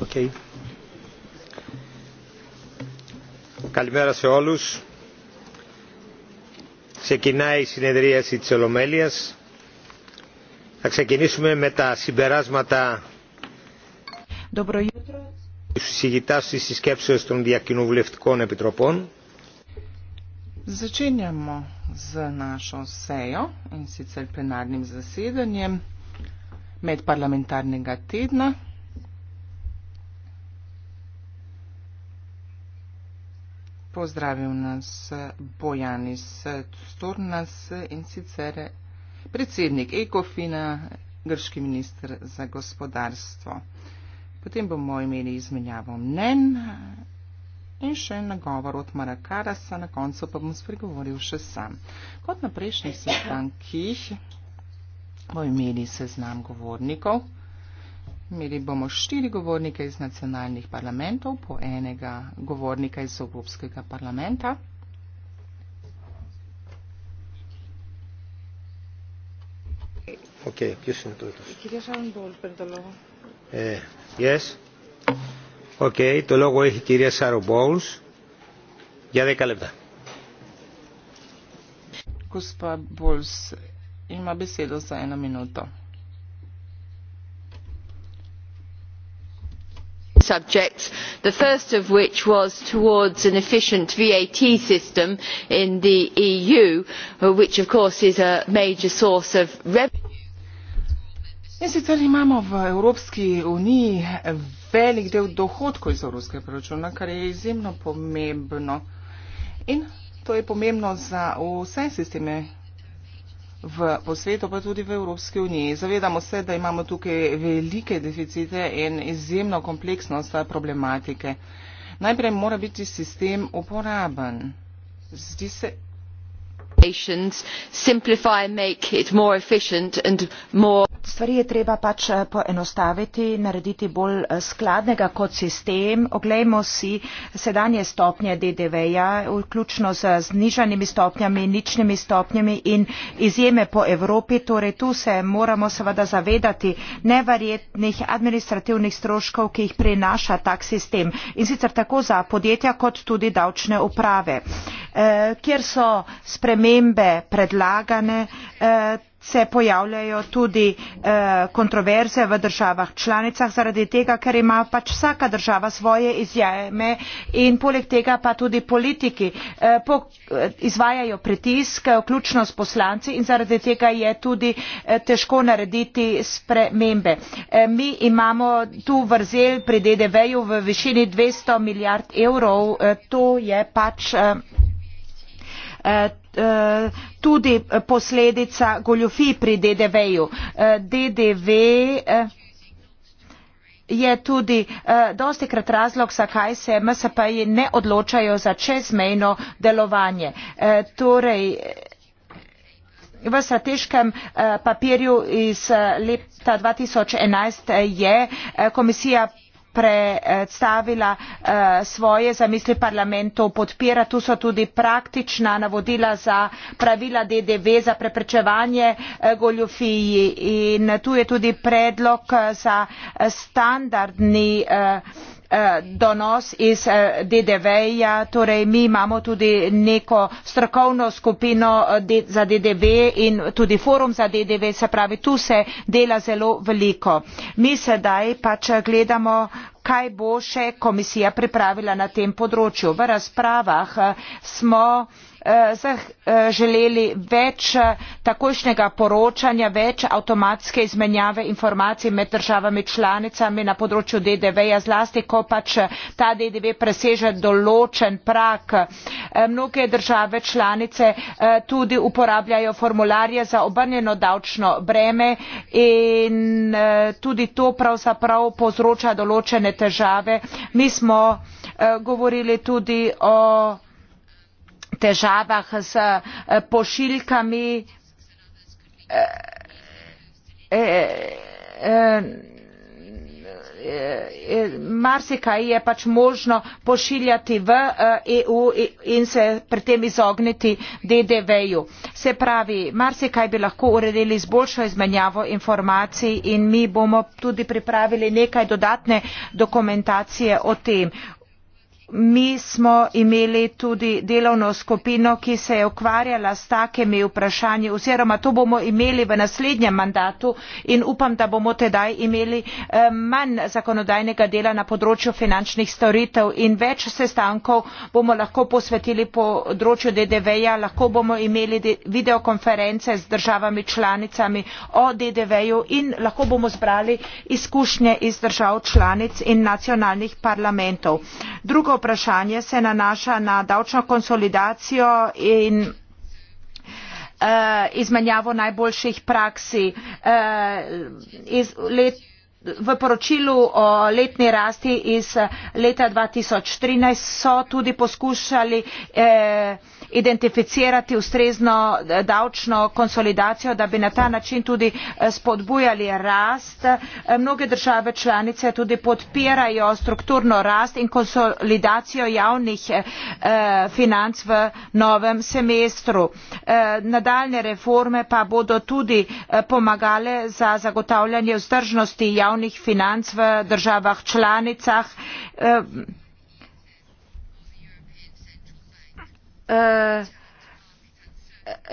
Okay. Καλημέρα σε όλους. Ξεκινάει η συνεδρίαση της Ολομέλειας. Θα ξεκινήσουμε με τα συμπεράσματα της συγητάς της συσκέψεως των διακοινοβουλευτικών επιτροπών. Ξεκινάμε z našo sejo in sicer plenarnim zasedanjem medparlamentarnega tedna. Pozdravil nas Bojanis Tornas in sicer predsednik Ekofina, grški minister za gospodarstvo. Potem bomo imeli izmenjavo mnen in še en nagovor od Marakarasa, na koncu pa bom spregovoril še sam. Kot na prejšnjih sestankih bo imeli seznam govornikov. Imeli bomo štiri govornike iz nacionalnih parlamentov, po enega govornika iz Evropskega parlamenta. Okay, ki sem tudi. Ki je že on bolj predalo. Eh, yes gospa bowles ima besedo za eno minuto. subjects the first of which was towards an efficient vat system in the eu which of course is a major source of revenue. In sicer imamo v Evropski uniji velik del dohodkov iz evropskega proračuna, kar je izjemno pomembno. In to je pomembno za vse sisteme v posvetu, pa tudi v Evropski uniji. Zavedamo se, da imamo tukaj velike deficite in izjemno kompleksnost problematike. Najprej mora biti sistem uporaben. Zdi se, regulations simplify and make it more efficient and more. stvari je treba pač eh, poenostaviti narediti bolj eh, skladnega kot sistem oglejmo si sedanje stopnje ddv ja vključno z znižanimi stopnjami ničnimi stopnjami in izjeme po evropi torej tu se moramo seveda zavedati neverjetnih administrativnih stroškov ki jih prinaša tak sistem in sicer tako za podjetja kot tudi davčne uprave. Eh, kjer so spremembe predlagane eh, se pojavljajo tudi eh, kontroverze v državah članicah zaradi tega ker ima pač vsaka država svoje izjeme in poleg tega pa tudi politiki izvajajo pritisk vključno s poslanci in zaradi tega je tudi težko narediti spremembe. mi imamo tu vrzel pri ddv ju v višini dvesto milijard evrov to je pač Eh, eh, tudi posledica goljofij pri DDV-ju. Eh, DDV je tudi dosti krat razlog, zakaj se MSP-ji ne odločajo za čezmejno delovanje. Torej, V strateškem papirju iz leta 2011 je komisija predstavila eh, svoje zamisli parlamentu podpira. tu so tudi praktična navodila za pravila ddv za preprečevanje eh, goljufij in tu je tudi predlog eh, za standardni Eh, donos iz eh, DDV ja torej mi imamo tudi neko strokovno skupino eh, za DDV in tudi forum za DDV se pravi tu se dela zelo veliko. Mi sedaj pač gledamo kaj bo še komisija pripravila na tem področju. V razpravah smo zaželeli eh, eh, več eh, takojšnjega poročanja več avtomatske izmenjave informacij med državami članicami na področju ddv ja zlasti ko pač ta ddv preseže določen prag mnoge države članice tudi uporabljajo formularje za obrnjeno davčno breme in tudi to pravzaprav povzroča določene težave mi smo govorili tudi o težavah s eh, pošiljkami eh, eh, marsikaj je pač možno pošiljati v EU e in se pri tem izogniti DDV-ju. Se pravi, marsikaj bi lahko uredili z boljšo izmenjavo informacij in mi bomo tudi pripravili nekaj dodatne dokumentacije o tem mi smo imeli tudi delovno skupino ki se je ukvarjala s takimi vprašanji oziroma to bomo imeli v naslednjem mandatu in upam da bomo tedaj imeli eh, manj zakonodajnega dela na področju finančnih storitev in več sestankov bomo lahko posvetili področju ddv ja lahko bomo imeli videokonference z državami članicami o ddv ju in lahko bomo zbrali izkušnje iz držav članic in nacionalnih parlamentov. drugo vprašanje se nanaša na davčno konsolidacijo in eh, izmenjavo najboljših praksi. Eh, v poročilu o letni rasti iz leta 2013 so tudi poskušali eh, identificirati ustrezno eh, davčno konsolidacijo da bi na ta način tudi eh, spodbujali rast. Eh, mnoge države članice tudi podpirajo strukturno rast in konsolidacijo javnih financ v novem semestru. nadaljnje reforme pa bodo tudi pomagale za zagotavljanje vzdržnosti javnih financ v državah članicah. Eh,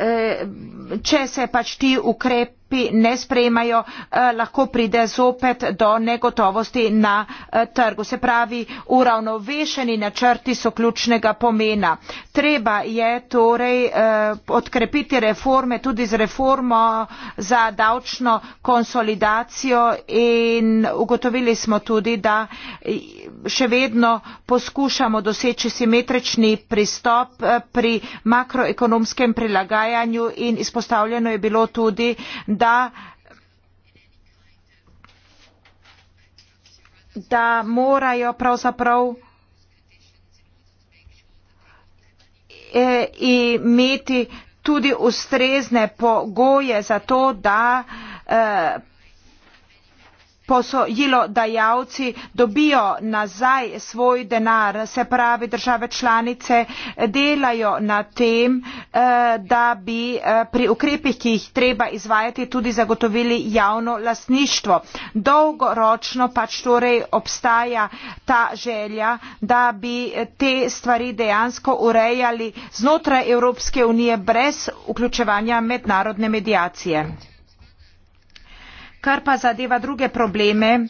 eh, če se pač ti ukrepi ukrepi ne sprejmejo eh, lahko pride zopet do negotovosti na eh, trgu. se pravi uravnovešeni načrti so ključnega pomena. treba je torej podkrepiti eh, reforme tudi z reformo za davčno konsolidacijo in ugotovili smo tudi da še vedno poskušamo doseči simetrični pristop pri makroekonomskem prilagajanju in izpostavljeno je bilo tudi da, da morajo pravzaprav e, imeti tudi ustrezne pogoje za to, da eh, posojilodajalci dobijo nazaj svoj denar se pravi države članice delajo na tem eh, da bi eh, pri ukrepih ki jih treba izvajati tudi zagotovili javno lastništvo dolgoročno pač torej obstaja ta želja da bi te stvari dejansko urejali znotraj evropske unije brez vključevanja mednarodne mediacije Kar pa zadeva druge probleme,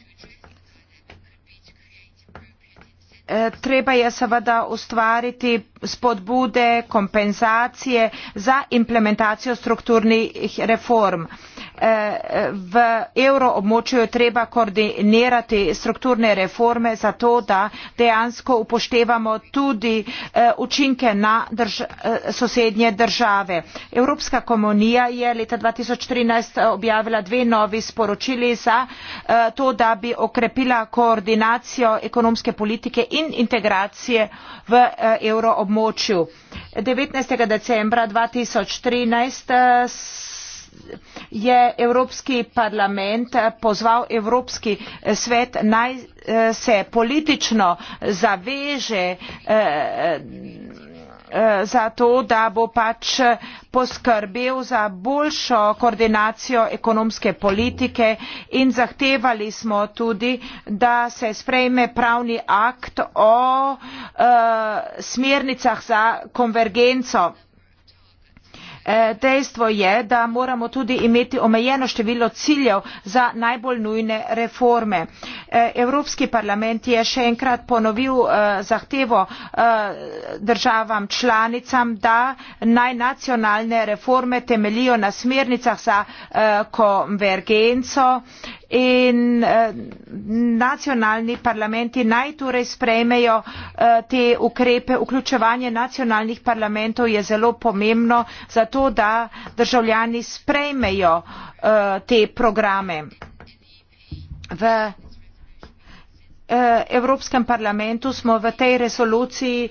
eh, treba je seveda ustvariti spodbude, kompenzacije za implementacijo strukturnih reform. Eh, v evroobmočju je treba koordinirati strukturne reforme zato da dejansko upoštevamo tudi eh, učinke na eh, sosednje države. evropska komunija je leta dva tisoč trinajst objavila dve novi sporočili za to da bi okrepila koordinacijo ekonomske politike in integracije v evroobmočju. devetnajst decembra dva tisoč trinajst je evropski parlament pozval evropski svet naj eh, se politično zaveže eh, eh, za to da bo pač poskrbel za boljšo koordinacijo ekonomske politike in zahtevali smo tudi da se sprejme pravni akt o smernicah za konvergenco. E, dejstvo je da moramo tudi imeti omejeno število ciljev za najbolj nujne reforme. E, evropski parlament je še enkrat ponovil e, zahtevo državam članicam da naj nacionalne reforme temeljijo na smernicah za konvergenco in eh, nacionalni parlamenti naj torej sprejmejo eh, te ukrepe. Vključevanje nacionalnih parlamentov je zelo pomembno za to, da državljani sprejmejo eh, te programe. V Evropskem parlamentu smo v tej resoluciji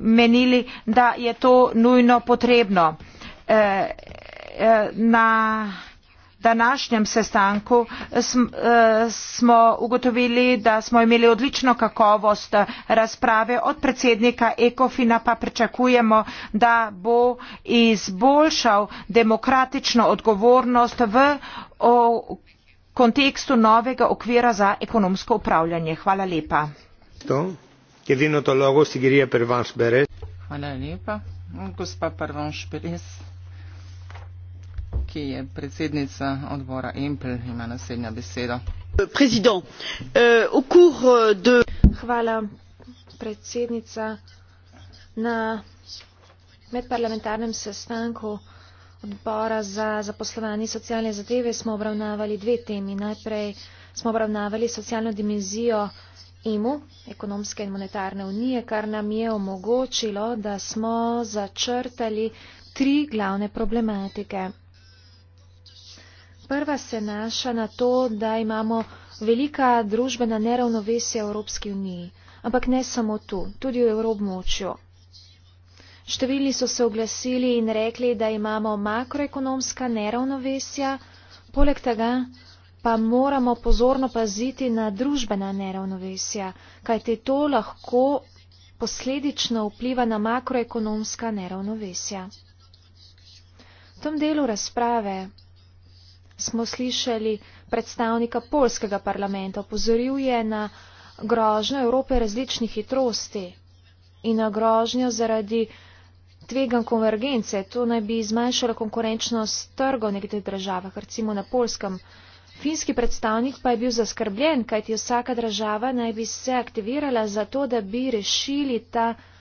menili, da je to nujno potrebno. Na današnjem sestanku eh, smo ugotovili, da smo imeli odlično kakovost razprave od predsednika Ekofina, pa pričakujemo, da bo izboljšal demokratično odgovornost v kontekstu novega okvira za ekonomsko upravljanje. Hvala lepa. Hvala lepa. Gospa Pervonš Beres ki je predsednica odbora empl ima naslednja beseda eh, eh, hvala predsednica na medparlamentarnem sestanku odbora za zaposlovanje in socialne zadeve smo obravnavali dve temi najprej smo obravnavali socialno dimenzijo EMU, ekonomske in monetarne unije, kar nam je omogočilo, da smo začrtali tri glavne problematike. Prva se naša na to, da imamo velika družbena neravnovesja v Evropski uniji, ampak ne samo tu, tudi v Evropmočju. Številni so se oglasili in rekli, da imamo makroekonomska neravnovesja, poleg tega pa moramo pozorno paziti na družbena neravnovesja, kajte to lahko posledično vpliva na makroekonomska neravnovesja. V tem delu razprave smo slišali predstavnika polskega parlamenta. Opozoril je na grožnjo Evrope različnih hitrosti in na grožnjo zaradi tvegan konvergence. To naj bi zmanjšalo konkurenčnost trgov nekdaj državah, recimo na polskem. Finski predstavnik pa je bil zaskrbljen, kajti vsaka država naj bi se aktivirala za to, da bi rešili ta konvergence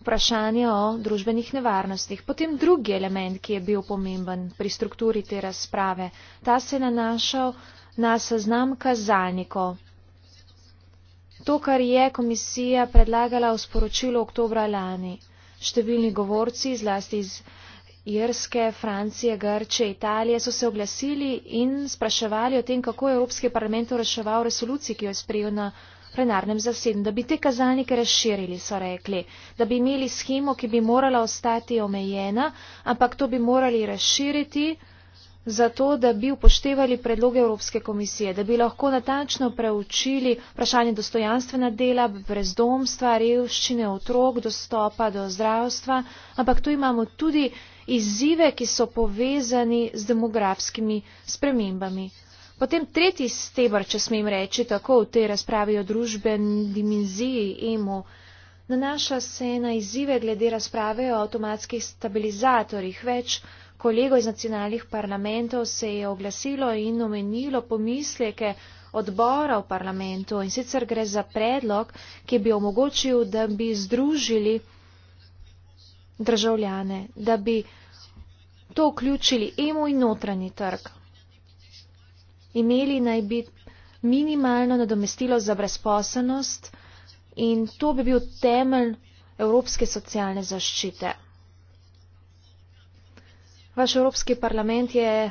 vprašanje o družbenih nevarnostih. Potem drugi element, ki je bil pomemben pri strukturi te razprave, ta se je nanašal na seznam kazalnikov. To, kar je komisija predlagala v sporočilu oktobra lani, številni govorci, zlasti iz Irske, Francije, Grče, Italije, so se oglasili in spraševali o tem, kako je Evropski parlament reševal resolucijo, ki jo je sprejel na plenarnem zasedanju, da bi te kazalnike razširili, so rekli, da bi imeli schemo, ki bi morala ostati omejena, ampak to bi morali razširiti zato, da bi upoštevali predloge Evropske komisije, da bi lahko natančno preučili vprašanje dostojanstvena dela, brezdomstva, revščine, otrok, dostopa do zdravstva, ampak tu imamo tudi izzive, ki so povezani z demografskimi spremembami. Potem tretji stebr, če smem reči tako, v tej razpravi o družbeni dimenziji EMO nanaša se na izzive glede razprave o avtomatskih stabilizatorjih. Več kolegov iz nacionalnih parlamentov se je oglasilo in omenilo pomisleke odbora v parlamentu in sicer gre za predlog, ki bi omogočil, da bi združili državljane, da bi to vključili EMO in notranji trg imeli naj bi minimalno nadomestilo za brezposobnost in to bi bil temelj evropske socialne zaščite. Vaš Evropski parlament je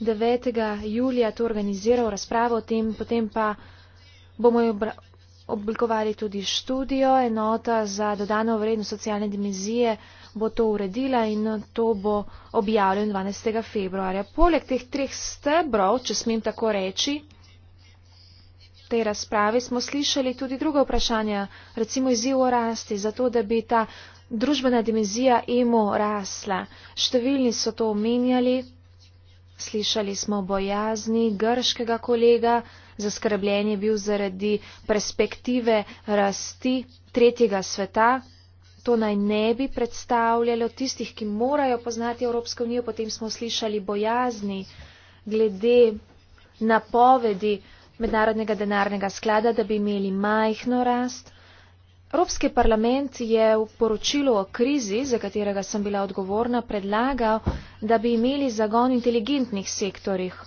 9. julija to organiziral razpravo o tem, potem pa bomo oblikovali tudi študijo, enota za dodano vrednost socialne dimenzije bo to uredila in to bo objavljen 12. februarja. Poleg teh treh stebrov, če smem tako reči, te razprave smo slišali tudi druga vprašanja, recimo izziv o rasti, zato da bi ta družbena dimenzija emo rasla. Številni so to omenjali, slišali smo bojazni grškega kolega, zaskrbljen je bil zaradi perspektive rasti tretjega sveta, to naj ne bi predstavljalo tistih, ki morajo poznati Evropsko unijo, potem smo slišali bojazni glede napovedi Mednarodnega denarnega sklada, da bi imeli majhno rast. Evropski parlament je v poročilu o krizi, za katerega sem bila odgovorna, predlagal, da bi imeli zagon inteligentnih sektorjih,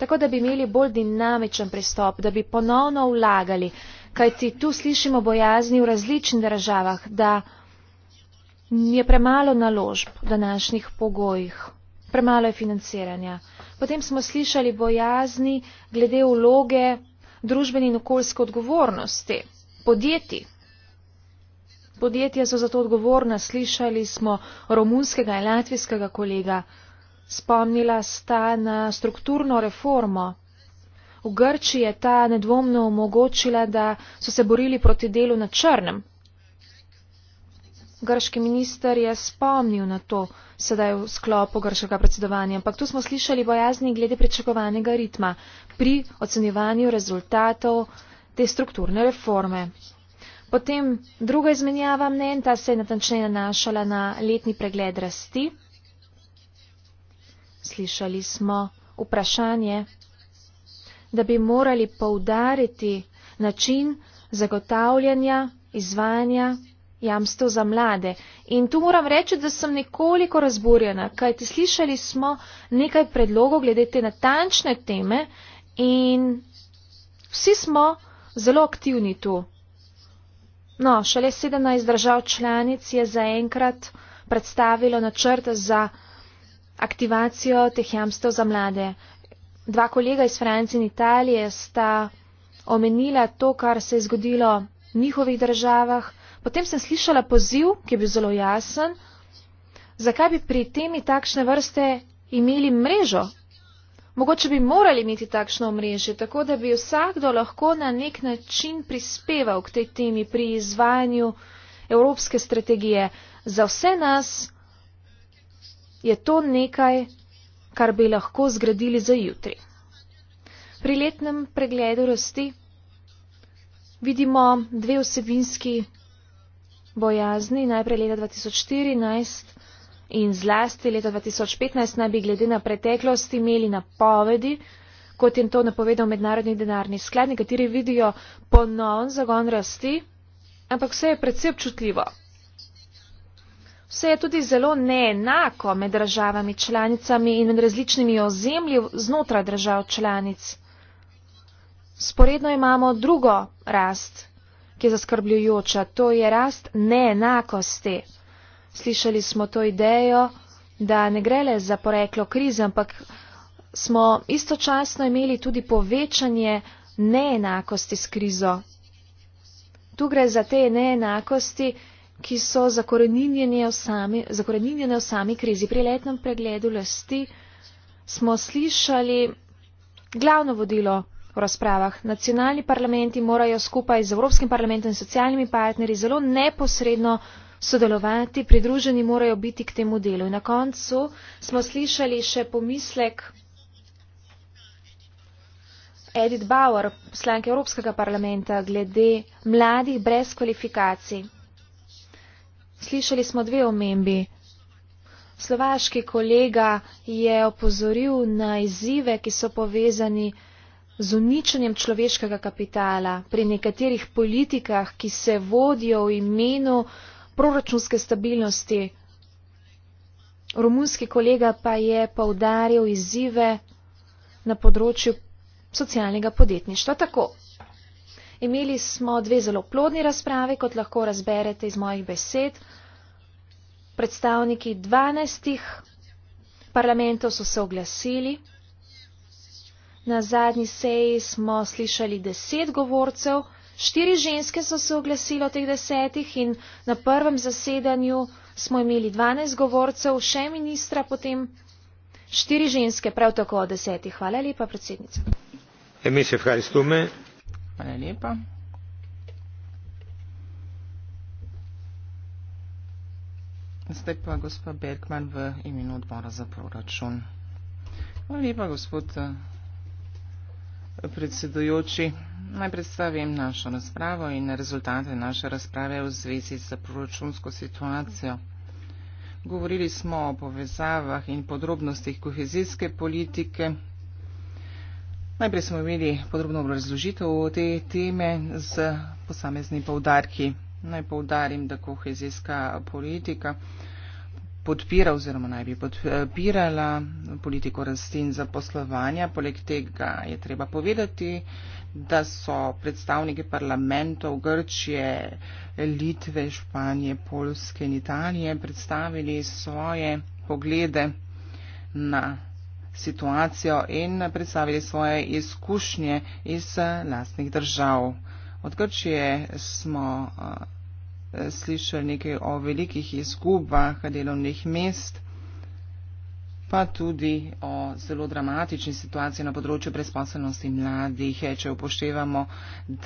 tako da bi imeli bolj dinamičen pristop, da bi ponovno vlagali, kajti tu slišimo bojazni v različnih državah, da je premalo naložb v današnjih pogojih, premalo je financiranja. Potem smo slišali bojazni glede vloge družbene in okoljske odgovornosti podjetij. Podjetja so zato odgovorna, slišali smo romunskega in latvijskega kolega, spomnila sta na strukturno reformo. V Grčiji je ta nedvomno omogočila, da so se borili proti delu na črnem, grški minister je spomnil na to sedaj v sklopu grškega predsedovanja, ampak tu smo slišali bojazni glede pričakovanega ritma pri ocenjevanju rezultatov te strukturne reforme. Potem druga izmenjava mnen, ta se je natančneje nanašala na letni pregled rasti. Slišali smo vprašanje, da bi morali poudariti način zagotavljanja, izvanja jamstev za mlade. In tu moram reči, da sem nekoliko razburjena, kajti slišali smo nekaj predlogov glede te natančne teme in vsi smo zelo aktivni tu. No, šele 17 držav članic je zaenkrat predstavilo načrt za aktivacijo teh jamstev za mlade. Dva kolega iz Francije in Italije sta omenila to, kar se je zgodilo v njihovih državah, Potem sem slišala poziv, ki je bil zelo jasen, zakaj bi pri temi takšne vrste imeli mrežo. Mogoče bi morali imeti takšno mrežo, tako da bi vsakdo lahko na nek način prispeval k tej temi pri izvajanju evropske strategije. Za vse nas je to nekaj, kar bi lahko zgradili za jutri. Pri letnem pregledu rasti vidimo dve osebinski bojazni. Najprej leta 2014 in zlasti leta 2015 naj bi glede na preteklost imeli napovedi, kot je to napovedal Mednarodni denarni sklad, nekateri vidijo ponovn zagon rasti, ampak vse je predvsej občutljivo. Vse je tudi zelo neenako med državami članicami in med različnimi ozemlji znotraj držav članic. Sporedno imamo drugo rast ki je zaskrbljujoča. To je rast neenakosti. Slišali smo to idejo, da ne gre le za poreklo krize, ampak smo istočasno imeli tudi povečanje neenakosti s krizo. Tu gre za te neenakosti, ki so zakoreninjene v sami, zakoreninjene v sami krizi. Pri letnem pregledu lasti smo slišali glavno vodilo v razpravah. Nacionalni parlamenti morajo skupaj z Evropskim parlamentom in socialnimi partnerji zelo neposredno sodelovati, pridruženi morajo biti k temu delu. In na koncu smo slišali še pomislek Edith Bauer, poslanke Evropskega parlamenta, glede mladih brez kvalifikacij. Slišali smo dve omembi. Slovaški kolega je opozoril na izzive, ki so povezani s z uničenjem človeškega kapitala, pri nekaterih politikah, ki se vodijo v imenu proračunske stabilnosti. Romunski kolega pa je povdarjal izzive na področju socialnega podjetništva. Tako, imeli smo dve zelo plodni razprave, kot lahko razberete iz mojih besed. Predstavniki 12 parlamentov so se oglasili. Na zadnji seji smo slišali deset govorcev, štiri ženske so se oglasilo teh desetih in na prvem zasedanju smo imeli dvanajst govorcev, še ministra, potem štiri ženske, prav tako od desetih. Hvala lepa, predsednica. E, Hvala lepa. Zdaj pa gospod Bergman v imenu odbora za proračun. Hvala lepa, gospod predsedujoči. Naj predstavim našo razpravo in rezultate naše razprave v zvezi z proračunsko situacijo. Govorili smo o povezavah in podrobnostih kohezijske politike. Najprej smo imeli podrobno razložitev o te teme z posamezni povdarki. Naj povdarim, da kohezijska politika podpira oziroma naj bi podpirala eh, politiko rasti in zaposlovanja. Poleg tega je treba povedati, da so predstavniki parlamentov Grčije, Litve, Španije, Polske in Italije predstavili svoje poglede na situacijo in predstavili svoje izkušnje iz eh, lastnih držav. Od Grčije smo eh, slišali nekaj o velikih izgubah delovnih mest, pa tudi o zelo dramatični situaciji na področju brezposelnosti mladih, če upoštevamo,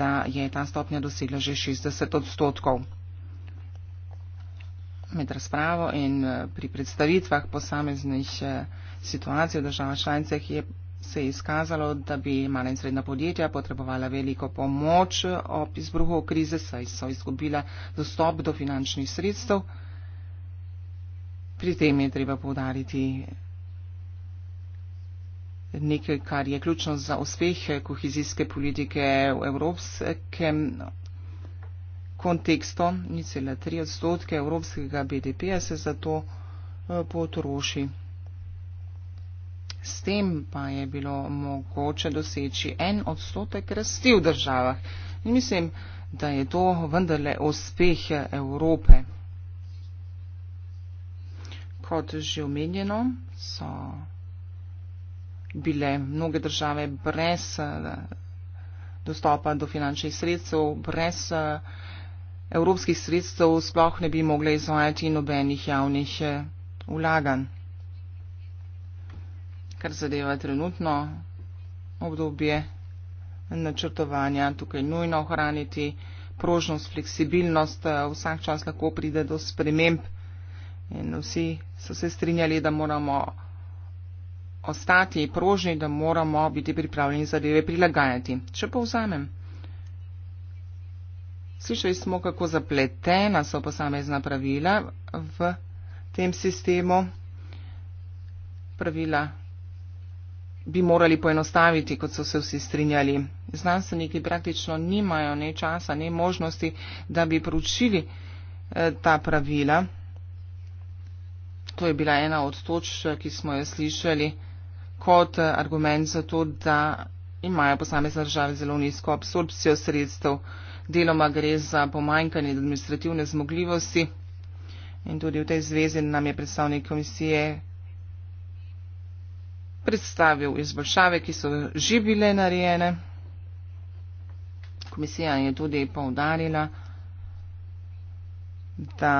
da je ta stopnja dosegla že 60 odstotkov. Med razpravo in eh, pri predstavitvah posameznih eh, situacij v državah članicah je se je izkazalo, da bi mala in srednja podjetja potrebovala veliko pomoč ob izbruhu krize, saj so izgubila dostop do finančnih sredstev. Pri tem je treba povdariti nekaj, kar je ključno za uspeh kohezijske politike v evropskem kontekstu. Nicela 3 odstotke evropskega BDP-ja se zato eh, potroši. S tem pa je bilo mogoče doseči en odstotek rasti v državah. In mislim, da je to vendarle uspeh Evrope. Kot že omenjeno, so bile mnoge države brez eh, dostopa do finančnih sredstev, brez eh, evropskih sredstev sploh ne bi mogle izvajati nobenih javnih eh, vlaganj kar zadeva trenutno obdobje načrtovanja. Tukaj nujno ohraniti prožnost, fleksibilnost, vsak čas lahko pride do sprememb in vsi so se strinjali, da moramo ostati prožni, da moramo biti pripravljeni zadeve prilagajati. Če povzamem. Slišali smo, kako zapletena so posamezna pravila v tem sistemu. Pravila bi morali poenostaviti, kot so se vsi strinjali. Znanstveniki praktično nimajo ne časa, ne možnosti, da bi proučili eh, ta pravila. To je bila ena od točk, eh, ki smo jo slišali kot eh, argument za to, da imajo posamezne države zelo nizko absorpcijo sredstev. Deloma gre za pomanjkanje administrativne zmogljivosti. In tudi v tej zvezi nam je predstavnik komisije predstavil izboljšave, ki so že bile narejene. Komisija je tudi poudarila, da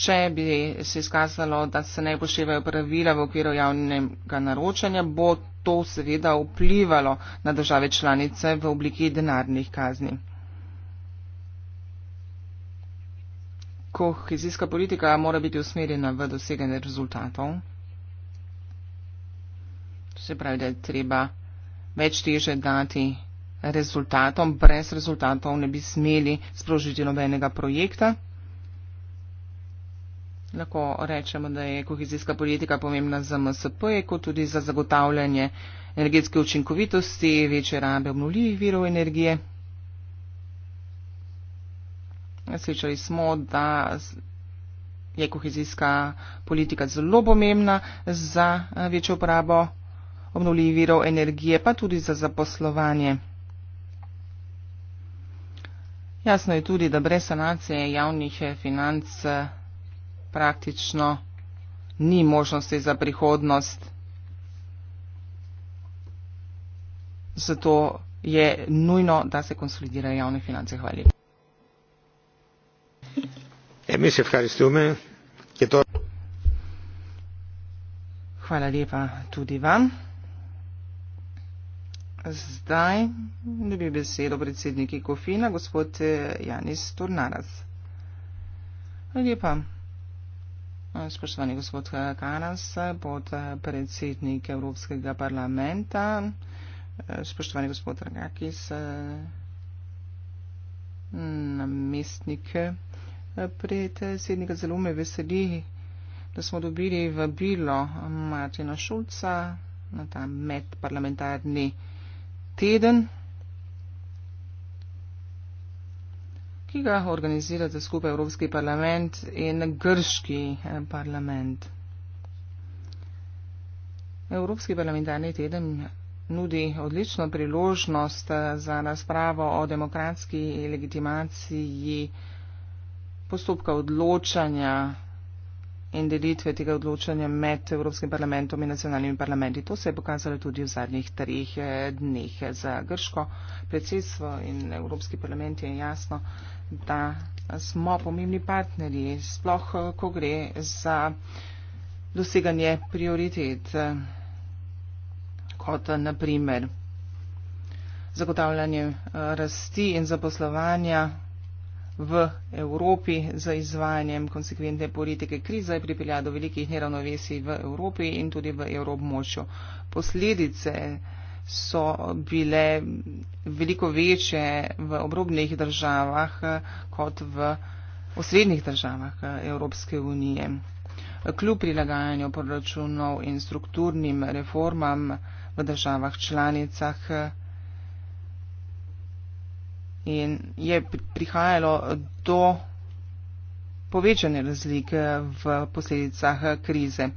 če bi se izkazalo, da se ne poštevajo pravila v okviru javnega naročanja, bo to seveda vplivalo na države članice v obliki denarnih kazni. Kohezijska politika mora biti usmerjena v doseganje rezultatov se pravi, da je treba več teže dati rezultatom, brez rezultatov ne bi smeli sprožiti nobenega projekta. Lahko rečemo, da je kohezijska politika pomembna za MSP, kot tudi za zagotavljanje energetske učinkovitosti, večje rabe obnovljivih virov energije. Slišali smo, da je kohezijska politika zelo pomembna za večjo uporabo obnovljivih virov energije, pa tudi za zaposlovanje. Jasno je tudi, da brez sanacije javnih eh, financ eh, praktično ni možnosti za prihodnost. Zato je nujno, da se konsolidirajo javne finance. Hvala. E, Hvala lepa tudi vam. Zdaj dobi besedo predsednik Ekofina, gospod eh, Janis Turnaras. Lepa. Eh, spoštovani gospod eh, Karas, pod predsednik Evropskega parlamenta, spoštovani gospod Rakis, namestnik predsednika, zelo me veseli, da smo dobili vabilo Martina Šulca na ta medparlamentarni teden, ki ga organizirate skupaj Evropski parlament in Grški eh, parlament. Evropski parlamentarni teden nudi odlično priložnost eh, za razpravo o demokratski legitimaciji postopka odločanja in delitve tega odločanja med Evropskim parlamentom in nacionalnimi parlamenti. To se je pokazalo tudi v zadnjih treh eh, dneh. Za grško predsedstvo in Evropski parlament je jasno, da smo pomembni partnerji, sploh eh, ko gre za doseganje prioritet, eh, kot naprimer zagotavljanje rasti in zaposlovanja v Evropi z izvajanjem konsekventne politike kriza je pripelja do velikih neravnovesij v Evropi in tudi v evrobmočju. Posledice so bile veliko večje v obrobnih državah kot v osrednjih državah eh, Evropske unije. Kljub prilagajanju proračunov in strukturnim reformam v državah članicah in je prihajalo do povečanja razlike eh, v posledicah eh, krize.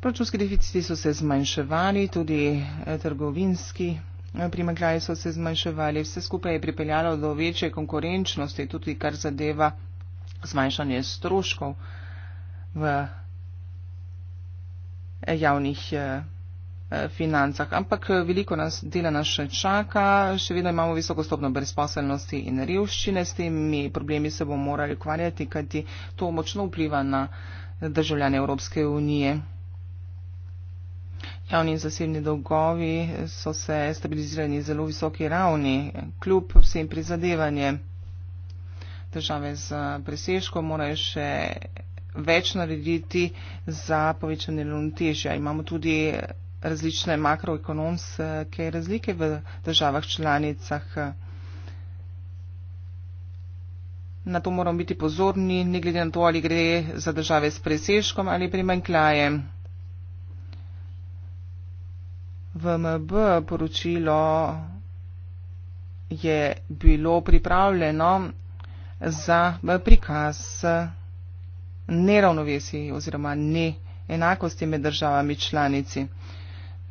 Proračunski deficiti so se zmanjševali, tudi eh, trgovinski primakljaj so se zmanjševali. Vse skupaj je pripeljalo do večje konkurenčnosti, tudi kar zadeva zmanjšanje stroškov v javnih Eh, financah. Ampak eh, veliko nas dela nas še čaka, še vedno imamo visoko stopno brezposelnosti in revščine, s temi problemi se bomo morali ukvarjati, kajti to močno vpliva na državljane Evropske unije. Javni in zasebni dolgovi so se stabilizirali na zelo visoki ravni, kljub vsem prizadevanjem. Države z eh, presežkom morajo še več narediti za povečanje ravnotežja. Imamo tudi različne makroekonomske razlike v državah članicah. Na to moramo biti pozorni, ne glede na to, ali gre za države s presežkom ali primanjkljajem. VMB poročilo je bilo pripravljeno za prikaz neravnovesij oziroma neenakosti med državami članici.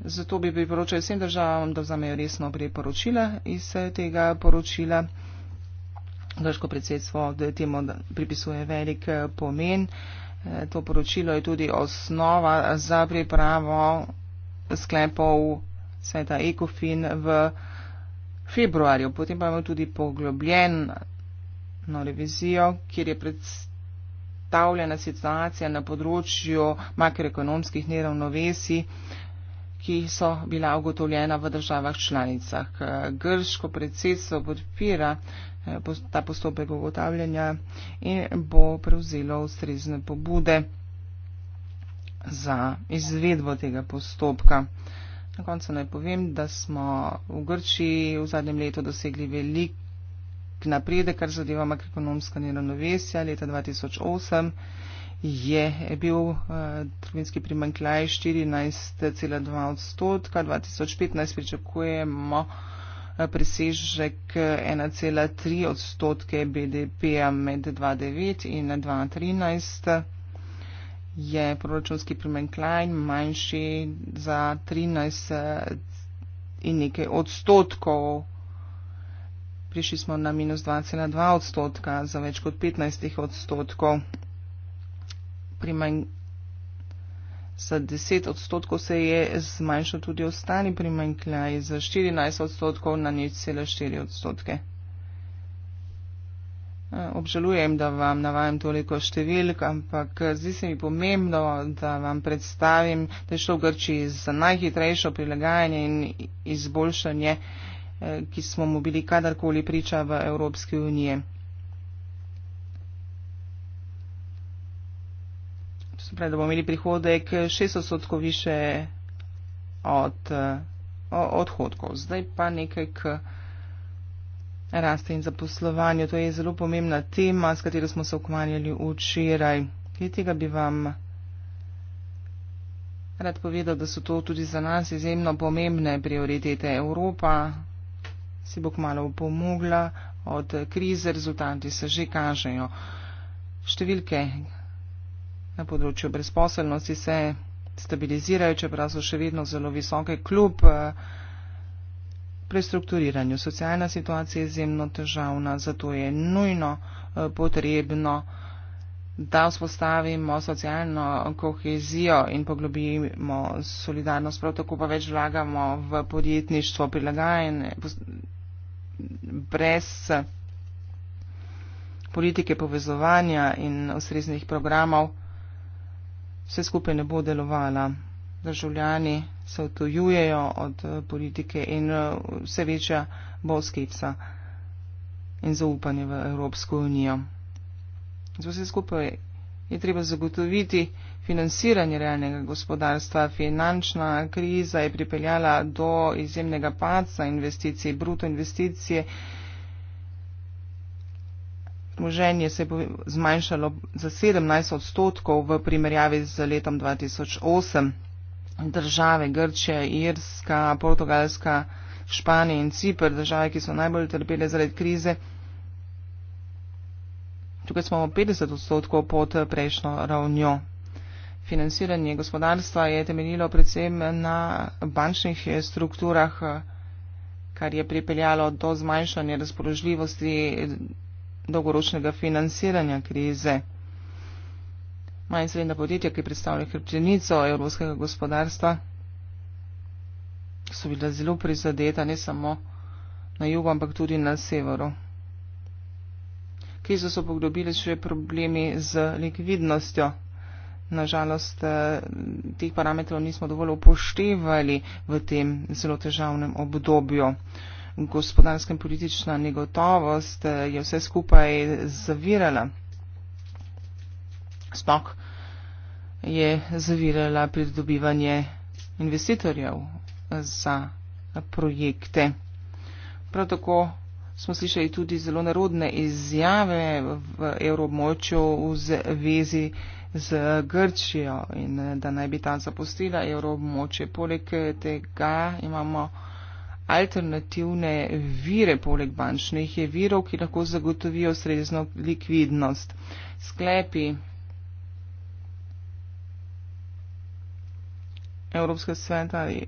Zato bi priporočali vsem državam, da vzamejo resno priporočila iz eh, tega poročila. Grško predsedstvo temu pripisuje velik eh, pomen. Eh, to poročilo je tudi osnova za pripravo sklepov sveta ECOFIN v februarju. Potem pa imamo tudi poglobljeno revizijo, kjer je predstavljena situacija na področju makroekonomskih neravnovesij ki so bila ugotovljena v državah članicah. Grško predsedstvo podpira eh, ta postopek ugotavljanja in bo prevzelo ustrezne pobude za izvedbo tega postopka. Na koncu naj povem, da smo v Grčiji v zadnjem letu dosegli velik napredek, kar zadeva makroekonomska neravnovesja leta 2008 je bil eh, trgovinski primankljaj 14,2 odstotka, 2015 pričakujemo eh, presežek 1,3 eh, odstotke BDP-ja med 2009 in 2013, je proračunski primankljaj manjši za 13 in nekaj odstotkov. Prišli smo na minus 2,2 odstotka za več kot 15 odstotkov za 10 odstotkov se je zmanjšal tudi ostani primankljaj za 14 odstotkov na nič cele 4 odstotke. Eh, obžalujem, da vam navajam toliko številk, ampak eh, zdi se mi pomembno, da vam predstavim, da je šlo v Grčiji za najhitrejšo prilagajanje in izboljšanje, eh, ki smo mu bili kadarkoli priča v Evropski uniji. se pravi, da bomo imeli prihodek 6 odstotkov više od odhodkov. Zdaj pa nekaj k rasti in zaposlovanju. To je zelo pomembna tema, s katero smo se ukvarjali včeraj. Kaj tega bi vam rad povedal, da so to tudi za nas izjemno pomembne prioritete. Evropa si bo kmalo pomogla od krize, rezultati se že kažejo. Številke na področju brezposelnosti se stabilizirajo, čeprav so še vedno zelo visoke, kljub eh, prestrukturiranju. Socialna situacija je izjemno težavna, zato je nujno eh, potrebno, da vzpostavimo socialno kohezijo in poglobimo solidarnost, prav tako pa več vlagamo v podjetništvo prilagajanje brez eh, politike povezovanja in ustreznih programov vse skupaj ne bo delovala. Državljani se otojujejo od eh, politike in eh, vse večja bo skepsa in zaupanje v Evropsko unijo. Za vse skupaj je treba zagotoviti financiranje realnega gospodarstva. Finančna kriza je pripeljala do izjemnega paca investicij, bruto investicije premoženje se je zmanjšalo za 17 odstotkov v primerjavi z letom 2008. Države Grčija, Irska, Portugalska, Španija in Cipr, države, ki so najbolj trpele zaradi krize, tukaj smo 50 odstotkov pod prejšnjo ravnjo. Financiranje gospodarstva je temeljilo predvsem na bančnih strukturah, kar je pripeljalo do zmanjšanja razpoložljivosti dolgoročnega financiranja krize. Maj in srednja podjetja, ki predstavljajo hrbtenico evropskega gospodarstva, so bila zelo prizadeta ne samo na jugu, ampak tudi na severu. Krizo so poglobili še problemi z likvidnostjo. Nažalost, eh, teh parametrov nismo dovolj upoštevali v tem zelo težavnem obdobju gospodarska in politična negotovost eh, je vse skupaj zavirala. Spok je zavirala pridobivanje investitorjev za projekte. Prav tako smo slišali tudi zelo narodne izjave v evroobmočju v zvezi z Grčijo in da naj bi ta zapustila evroobmočje. Poleg tega imamo alternativne vire poleg bančnih je virov, ki lahko zagotovijo srezno likvidnost. Sklepi Evropske sveta je,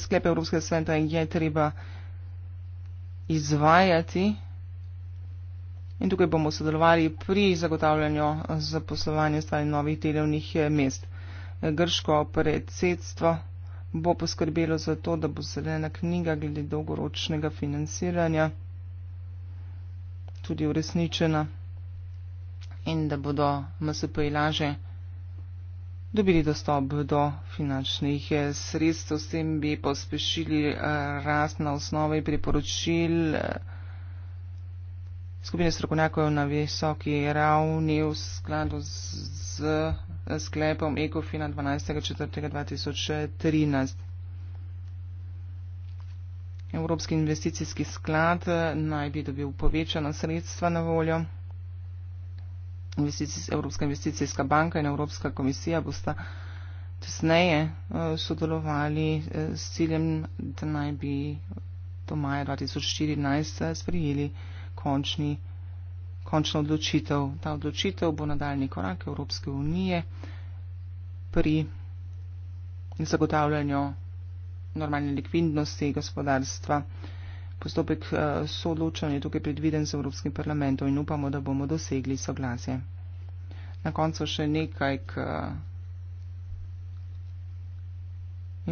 sklep Evropske sveta je treba izvajati in tukaj bomo sodelovali pri zagotavljanju zaposlovanja stvari novih delovnih mest. Grško predsedstvo bo poskrbelo za to, da bo zelena knjiga glede dolgoročnega financiranja tudi uresničena in da bodo MSP-ji laže dobili dostop do finančnih eh, sredstev. S tem bi pospešili eh, rast na osnovi priporočil eh, skupine strokovnjakov na visoki ravni v skladu z. z sklepom ECOFINA 12.4.2013. Evropski investicijski sklad eh, naj bi dobil povečana sredstva na voljo. Evropska investicijska banka in Evropska komisija bosta tesneje eh, sodelovali eh, s ciljem, da naj bi do maja 2014 sprejeli končni končna odločitev. Ta odločitev bo nadaljni korak Evropske unije pri zagotavljanju normalne likvidnosti gospodarstva. Postopek eh, soodločanja je tukaj predviden z Evropskim parlamentom in upamo, da bomo dosegli soglasje. Na koncu še nekaj k eh,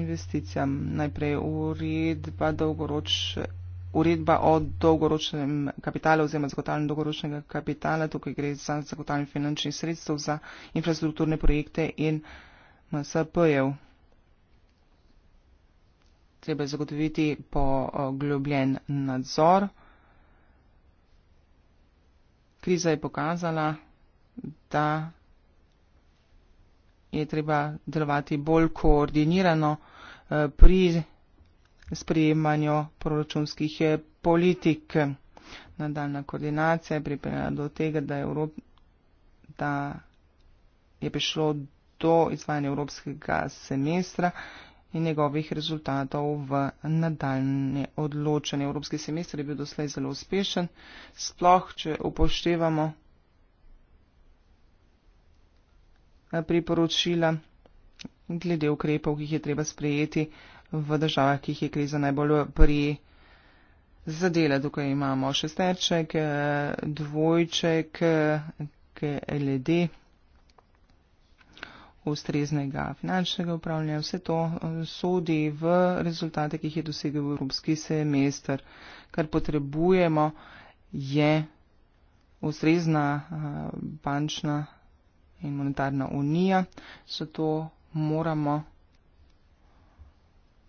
investicijam. Najprej uredba dolgoročne uredba o dolgoročnem kapitalu oziroma zagotavljanju dolgoročnega kapitala, tukaj gre za zagotavljanje finančnih sredstev za infrastrukturne projekte in MSP-jev. Treba je zagotoviti poglobljen nadzor. Kriza je pokazala, da je treba delovati bolj koordinirano eh, pri sprejemanju proračunskih eh, politik. Nadaljna koordinacija je pripeljala do tega, da je, Evrop, da je prišlo do izvajanja evropskega semestra in njegovih rezultatov v nadaljne odločanje. Evropski semester je bil doslej zelo uspešen, sploh če upoštevamo eh, priporočila glede ukrepov, ki jih je treba sprejeti v državah, ki jih je kriza najbolj pri zadela. Tukaj imamo šesterček, eh, dvojček, KLD, eh, ustreznega finančnega upravljanja. Vse to eh, sodi v rezultate, ki jih je dosegel evropski semester. Kar potrebujemo je ustrezna bančna in monetarna unija. Zato moramo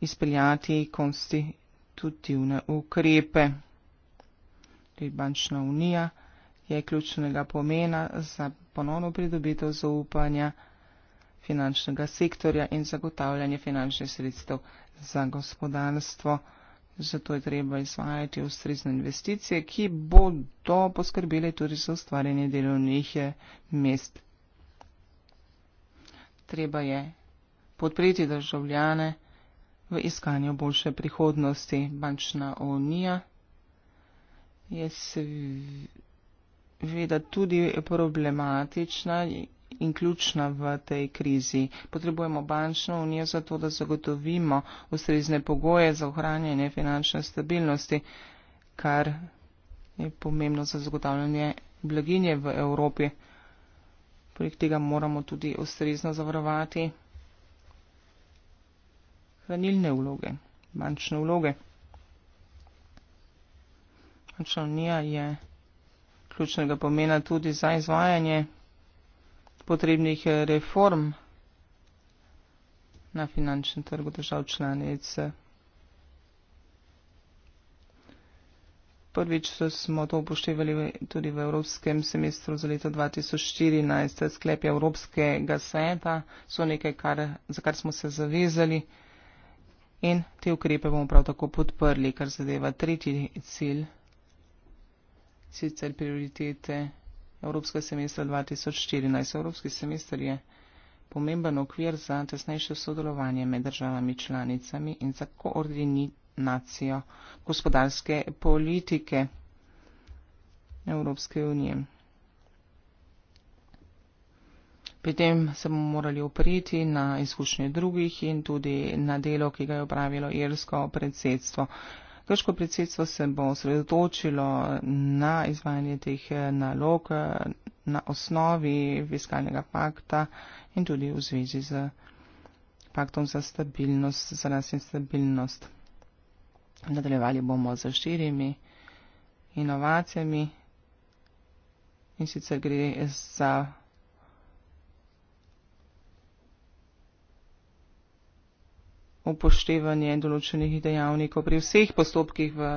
izpeljati konstitutivne ukrepe. Bančna unija je ključnega pomena za ponovno pridobitev zaupanja finančnega sektorja in zagotavljanje finančnih sredstev za gospodarstvo. Zato je treba izvajati ustrezne investicije, ki bodo poskrbele tudi za ustvarjanje delovnih eh, mest. Treba je podpreti državljane, v iskanju boljše prihodnosti. Bančna unija je seveda tudi problematična in ključna v tej krizi. Potrebujemo bančno unijo zato, da zagotovimo ustrezne pogoje za ohranjanje finančne stabilnosti, kar je pomembno za zagotavljanje blaginje v Evropi. Poleg tega moramo tudi ustrezno zavarovati hranilne vloge, bančne vloge. Bančna unija je ključnega pomena tudi za izvajanje potrebnih reform na finančnem trgu držav članic. Prvič smo to upoštevali tudi v evropskem semestru za leto 2014. Sklep je Evropskega sveta, so nekaj, kar, za kar smo se zavezali in te ukrepe bomo prav tako podprli, kar zadeva tretji cilj, sicer prioritete Evropska semestra 2014. Evropski semester je pomemben okvir za tesnejše sodelovanje med državami članicami in za koordinacijo gospodarske politike Evropske unije. Pri tem se bomo morali opriti na izkušnje drugih in tudi na delo, ki ga je upravilo irsko predsedstvo. Krško predsedstvo se bo sredotočilo na izvajanje teh eh, nalog eh, na osnovi fiskalnega pakta in tudi v zvezi z paktom za stabilnost, za nas in stabilnost. Nadaljevali bomo z širimi inovacijami in sicer gre za. upoštevanje določenih dejavnikov pri vseh postopkih v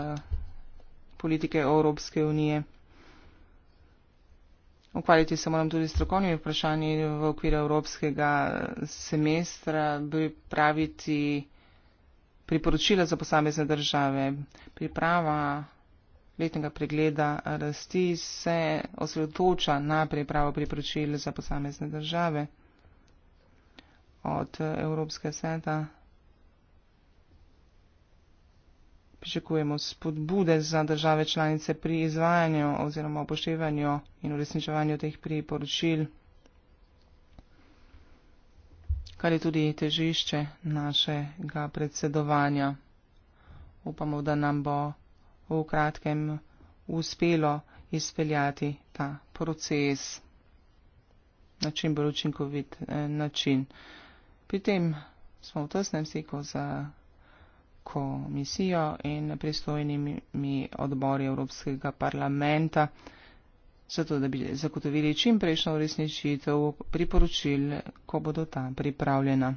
politike Evropske unije. Ukvarjati se moram tudi s strokovnimi vprašanji v okviru evropskega semestra, pripraviti priporočila za posamezne države. Priprava letnega pregleda rasti se osredotoča na pripravo priporočil za posamezne države od Evropske sveta. pričakujemo spodbude za države članice pri izvajanju oziroma upoštevanju in uresničevanju teh priporočil, kar je tudi težišče našega predsedovanja. Upamo, da nam bo v kratkem uspelo izpeljati ta proces na čim bolj učinkovit eh, način. Pri tem smo v tesnem stiku z komisijo in pristojnimi odbori Evropskega parlamenta, zato da bi zagotovili čim prejšnjo uresničitev priporočil, ko bodo ta pripravljena.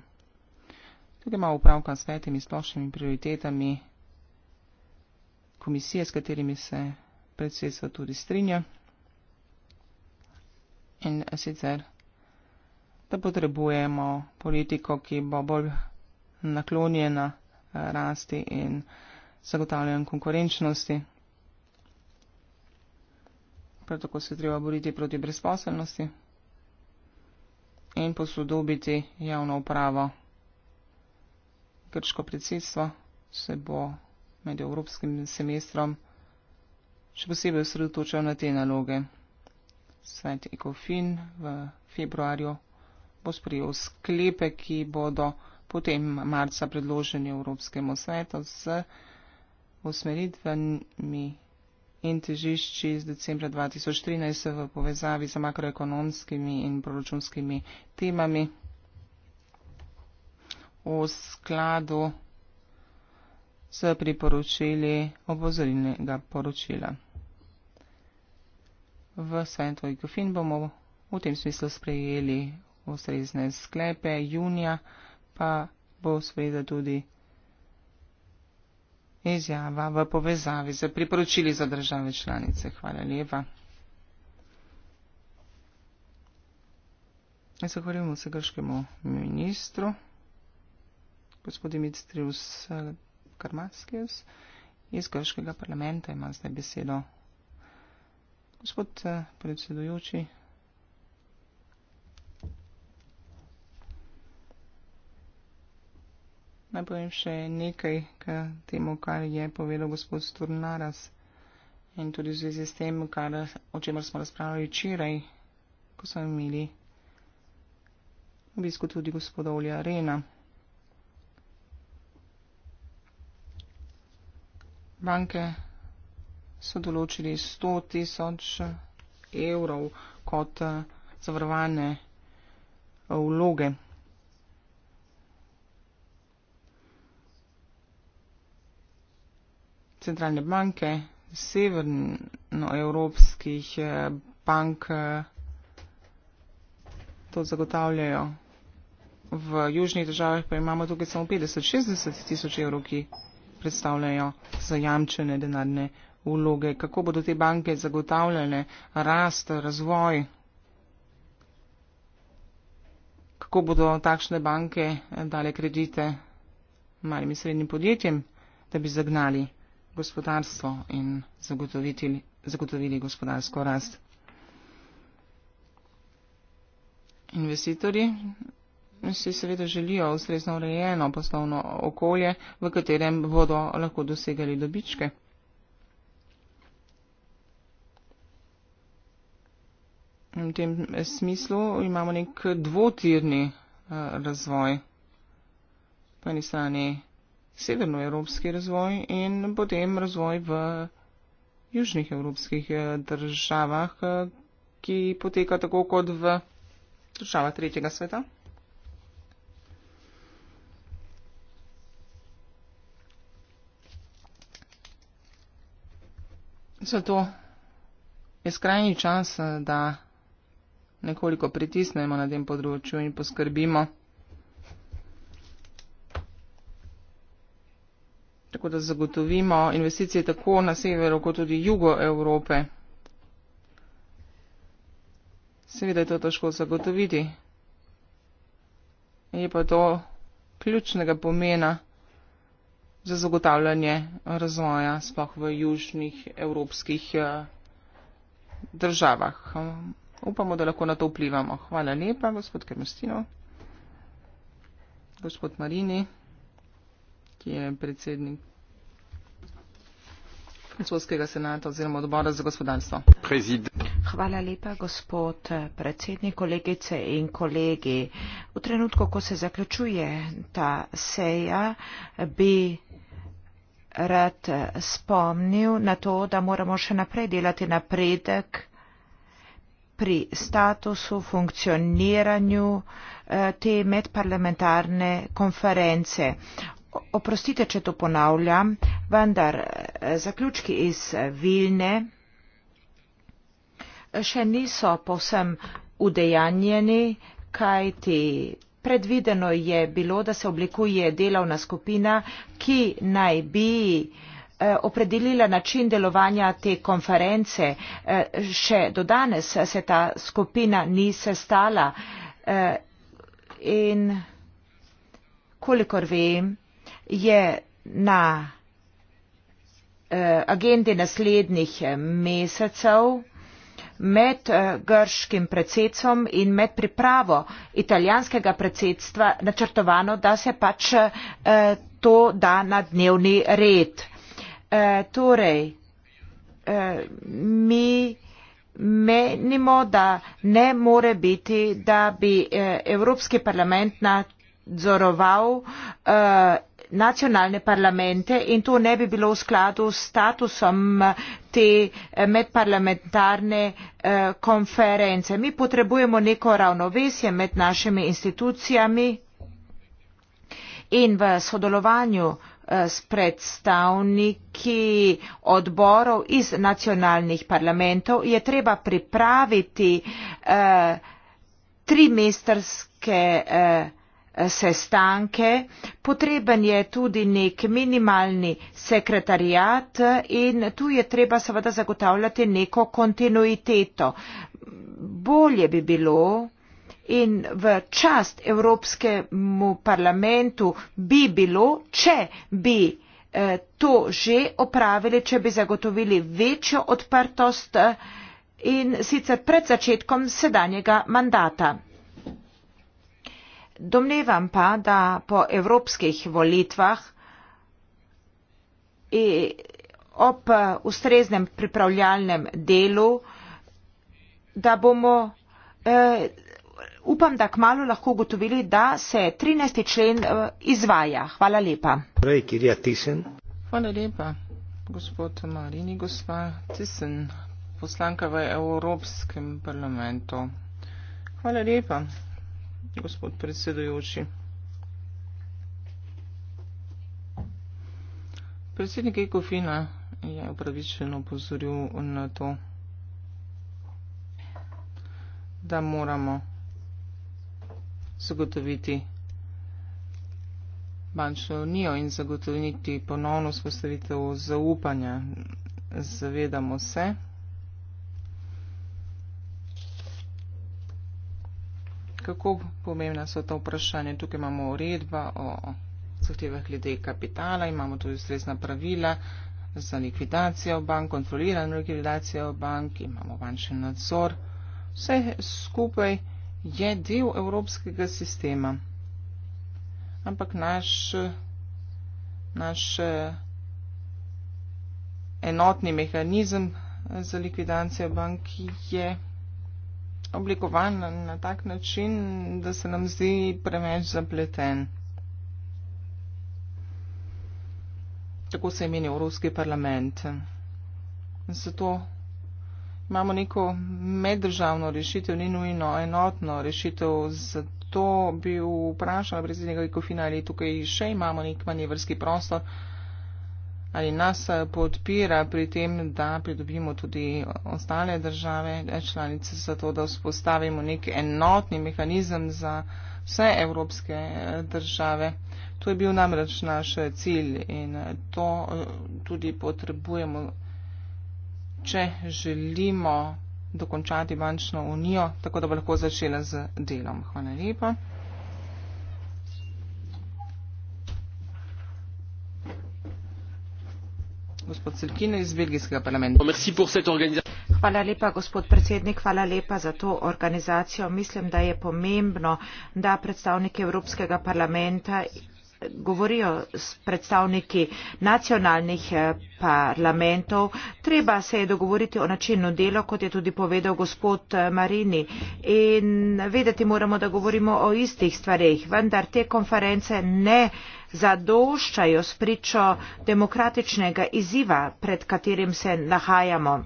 Tukaj ima upravka s petimi splošnimi prioritetami komisije, s katerimi se predsedstvo tudi strinja. In sicer, da potrebujemo politiko, ki bo bolj naklonjena rasti in zagotavljanju konkurenčnosti. Prav tako se treba boriti proti brezposelnosti in posodobiti javno upravo. Grško predsedstvo se bo med evropskim semestrom še posebej osredotočal na te naloge. Svet ECOFIN v februarju bo sprejel sklepe, ki bodo potem marca predloženi Evropskemu svetu z usmeritvami in težišči iz decembra 2013 v povezavi z makroekonomskimi in proračunskimi temami v skladu s priporočili opozorilnega poročila. V svetu IKFIN bomo v tem smislu sprejeli ustrezne sklepe junija pa bo seveda tudi izjava v povezavi za priporočili za države članice. Hvala lepa. Naj se hvalimo se grškemu ministru, gospodin Mitstrius Karmaskius, iz grškega parlamenta ima zdaj besedo. Gospod eh, predsedujoči, Naj povem še nekaj k temu, kar je povedal gospod Sturnaras in tudi v zvezi s tem, kar, o čemer smo razpravljali včeraj, ko smo imeli obisko tudi gospoda Olja Rena. Banke so določili 100 tisoč evrov kot zavarovane vloge. centralne banke, severnoevropskih eh, bank eh, to zagotavljajo. V južnih državah pa imamo tukaj samo 50-60 tisoč evrov, ki predstavljajo zajamčene denarne vloge. Kako bodo te banke zagotavljale rast, razvoj? Kako bodo takšne banke dale kredite malim in srednjim podjetjem, da bi zagnali gospodarstvo in zagotovili gospodarsko rast. Investitorji si seveda želijo ustrezno urejeno poslovno okolje, v katerem bodo lahko dosegali dobičke. V tem smislu imamo nek dvotirni eh, razvoj. Po eni strani severnoevropski razvoj in potem razvoj v južnih evropskih eh, državah, eh, ki poteka tako kot v državah tretjega sveta. Zato je skrajni čas, eh, da nekoliko pritisnemo na tem področju in poskrbimo, tako da zagotovimo investicije tako na severu, kot tudi jugo Evrope. Seveda je to težko zagotoviti. Je pa to ključnega pomena za zagotavljanje razvoja sploh v južnih evropskih eh, državah. Upamo, da lahko na to vplivamo. Hvala lepa, gospod Kermestino. Gospod Marini ki je predsednik francoskega senata oziroma odbora za gospodarstvo. Hvala lepa, gospod predsednik, kolegice in kolegi. V trenutku, ko se zaključuje ta seja, bi rad spomnil na to, da moramo še naprej delati napredek pri statusu, funkcioniranju eh, te medparlamentarne konference oprostite, če to ponavljam, vendar eh, zaključki iz eh, Vilne eh, še niso povsem udejanjeni, kajti predvideno je bilo, da se oblikuje delovna skupina, ki naj bi opredelila način delovanja te konference. Še do danes se ta skupina ni sestala in kolikor vem, je na eh, agendi naslednjih eh, mesecev med eh, grškim predsedstvom in med pripravo italijanskega predsedstva načrtovano, da se pač to da na dnevni red. Torej, mi menimo, da ne more biti, da bi Evropski parlament nadzoroval nacionalne parlamente in to ne bi bilo v skladu s statusom eh, te eh, medparlamentarne eh, konference. Mi potrebujemo neko ravnovesje med našimi institucijami in v sodelovanju s predstavniki odborov iz nacionalnih parlamentov je treba pripraviti eh, trimestrske eh, Eh, sestanke, potreben je tudi nek minimalni sekretarijat eh, in tu je treba seveda zagotavljati neko kontinuiteto. Bolje bi bilo in v čast Evropskemu parlamentu bi bilo, če bi eh, to že opravili, če bi zagotovili večjo odprtost in sicer pred začetkom sedanjega mandata. Domnevam pa, da po evropskih volitvah in ob ustreznem pripravljalnem delu, da bomo, eh, upam, da kmalo lahko ugotovili, da se 13. člen eh, izvaja. Hvala lepa. Hvala lepa, gospod Marini, gospa Tisen, poslanka v Evropskem parlamentu. Hvala lepa gospod predsedujoči. Predsednik Ekofina je upravičeno upozoril na to, da moramo zagotoviti bančno unijo in zagotoviti ponovno vzpostavitev zaupanja. Zavedamo se, kako pomembna so ta vprašanja. Tukaj imamo uredba o zahtevah glede kapitala, imamo tudi ustrezna pravila za likvidacijo bank, kontrolirano likvidacijo bank, imamo bančni nadzor. Vse skupaj je del evropskega sistema. Ampak naš, naš eh, enotni mehanizem za likvidacijo bank je oblikovan na, na tak način, da se nam zdi preveč zapleten. Tako se je menil Ruski parlament. Zato imamo neko meddržavno rešitev, ni nujno enotno rešitev, zato bi vprašala predsednika Ekofina, ali tukaj še imamo nek manjevrski prostor ali nas eh, podpira pri tem, da pridobimo tudi ostale države eh, članice, zato da vzpostavimo nek enotni mehanizem za vse evropske eh, države. To je bil namreč naš cilj in to tudi potrebujemo, če želimo dokončati bančno unijo, tako da bo lahko začela z delom. Hvala lepa. gospod Cirkino iz Belgijskega parlamenta. Hvala lepa, gospod predsednik, hvala lepa za to organizacijo. Mislim, da je pomembno, da predstavniki Evropskega parlamenta govorijo s predstavniki nacionalnih eh, parlamentov. Treba se je dogovoriti o načinu dela, kot je tudi povedal gospod eh, Marini. In vedeti moramo, da govorimo o istih stvarih, vendar te konference ne zadoščajo spričo demokratičnega izziva, pred katerim se nahajamo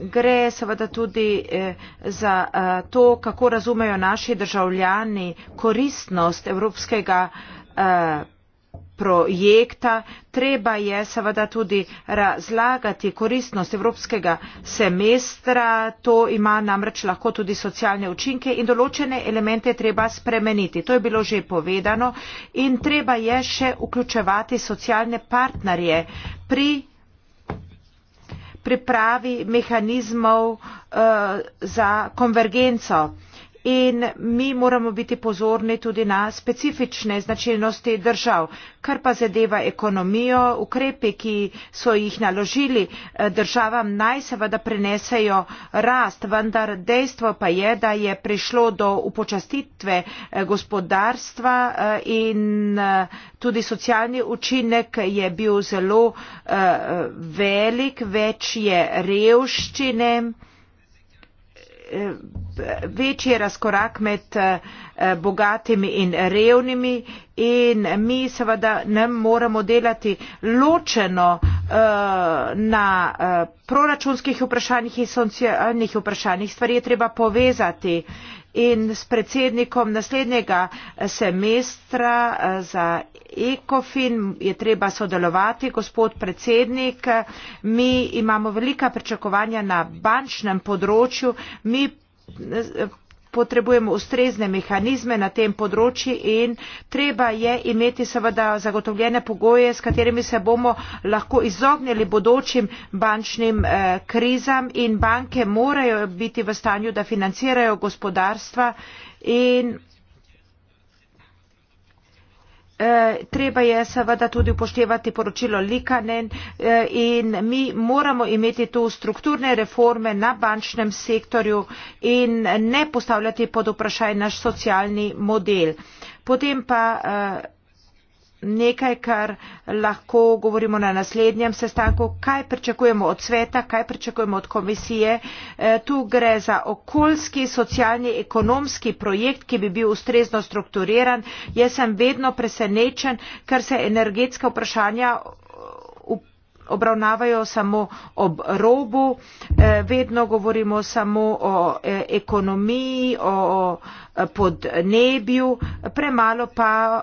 gre seveda tudi eh, za eh, to, kako razumejo naši državljani koristnost evropskega eh, projekta. Treba je seveda tudi razlagati koristnost evropskega semestra, to ima namreč lahko tudi socialne učinke in določene elemente treba spremeniti. To je bilo že povedano in treba je še vključevati socialne partnerje pri pripravi mehanizmov eh, za konvergenco in mi moramo biti pozorni tudi na specifične značilnosti držav. Kar pa zadeva ekonomijo, ukrepi, ki so jih naložili eh, državam, naj seveda prenesejo rast, vendar dejstvo pa je, da je prišlo do upočastitve eh, gospodarstva eh, in tudi socialni učinek je bil zelo velik, več je revščine. Eh, večji je razkorak med eh, bogatimi in revnimi in mi seveda ne moramo delati ločeno eh, na proračunskih vprašanjih in socialnih vprašanjih. Stvari je treba povezati in s predsednikom naslednjega eh, semestra eh, za ECOFIN je treba sodelovati. Gospod predsednik, eh, mi imamo velika pričakovanja na bančnem področju. Mi potrebujemo ustrezne mehanizme na tem področju in treba je imeti seveda zagotovljene pogoje, s katerimi se bomo lahko izognili bodočim bančnim eh, krizam in banke morajo biti v stanju, da financirajo gospodarstva in Eh, treba je seveda tudi upoštevati poročilo liikanen eh, in mi moramo imeti tu strukturne reforme na bančnem sektorju in ne postavljati pod vprašaj naš socialni model. potem pa eh, nekaj kar lahko govorimo na naslednjem sestanku kaj pričakujemo od sveta kaj pričakujemo od komisije e, tu gre za okoljski socialni ekonomski projekt ki bi bil ustrezno strukturiran jaz sem vedno presenečen ker se energetska vprašanja obravnavajo samo ob robu e, vedno govorimo samo o e, ekonomiji o podnebju premalo pa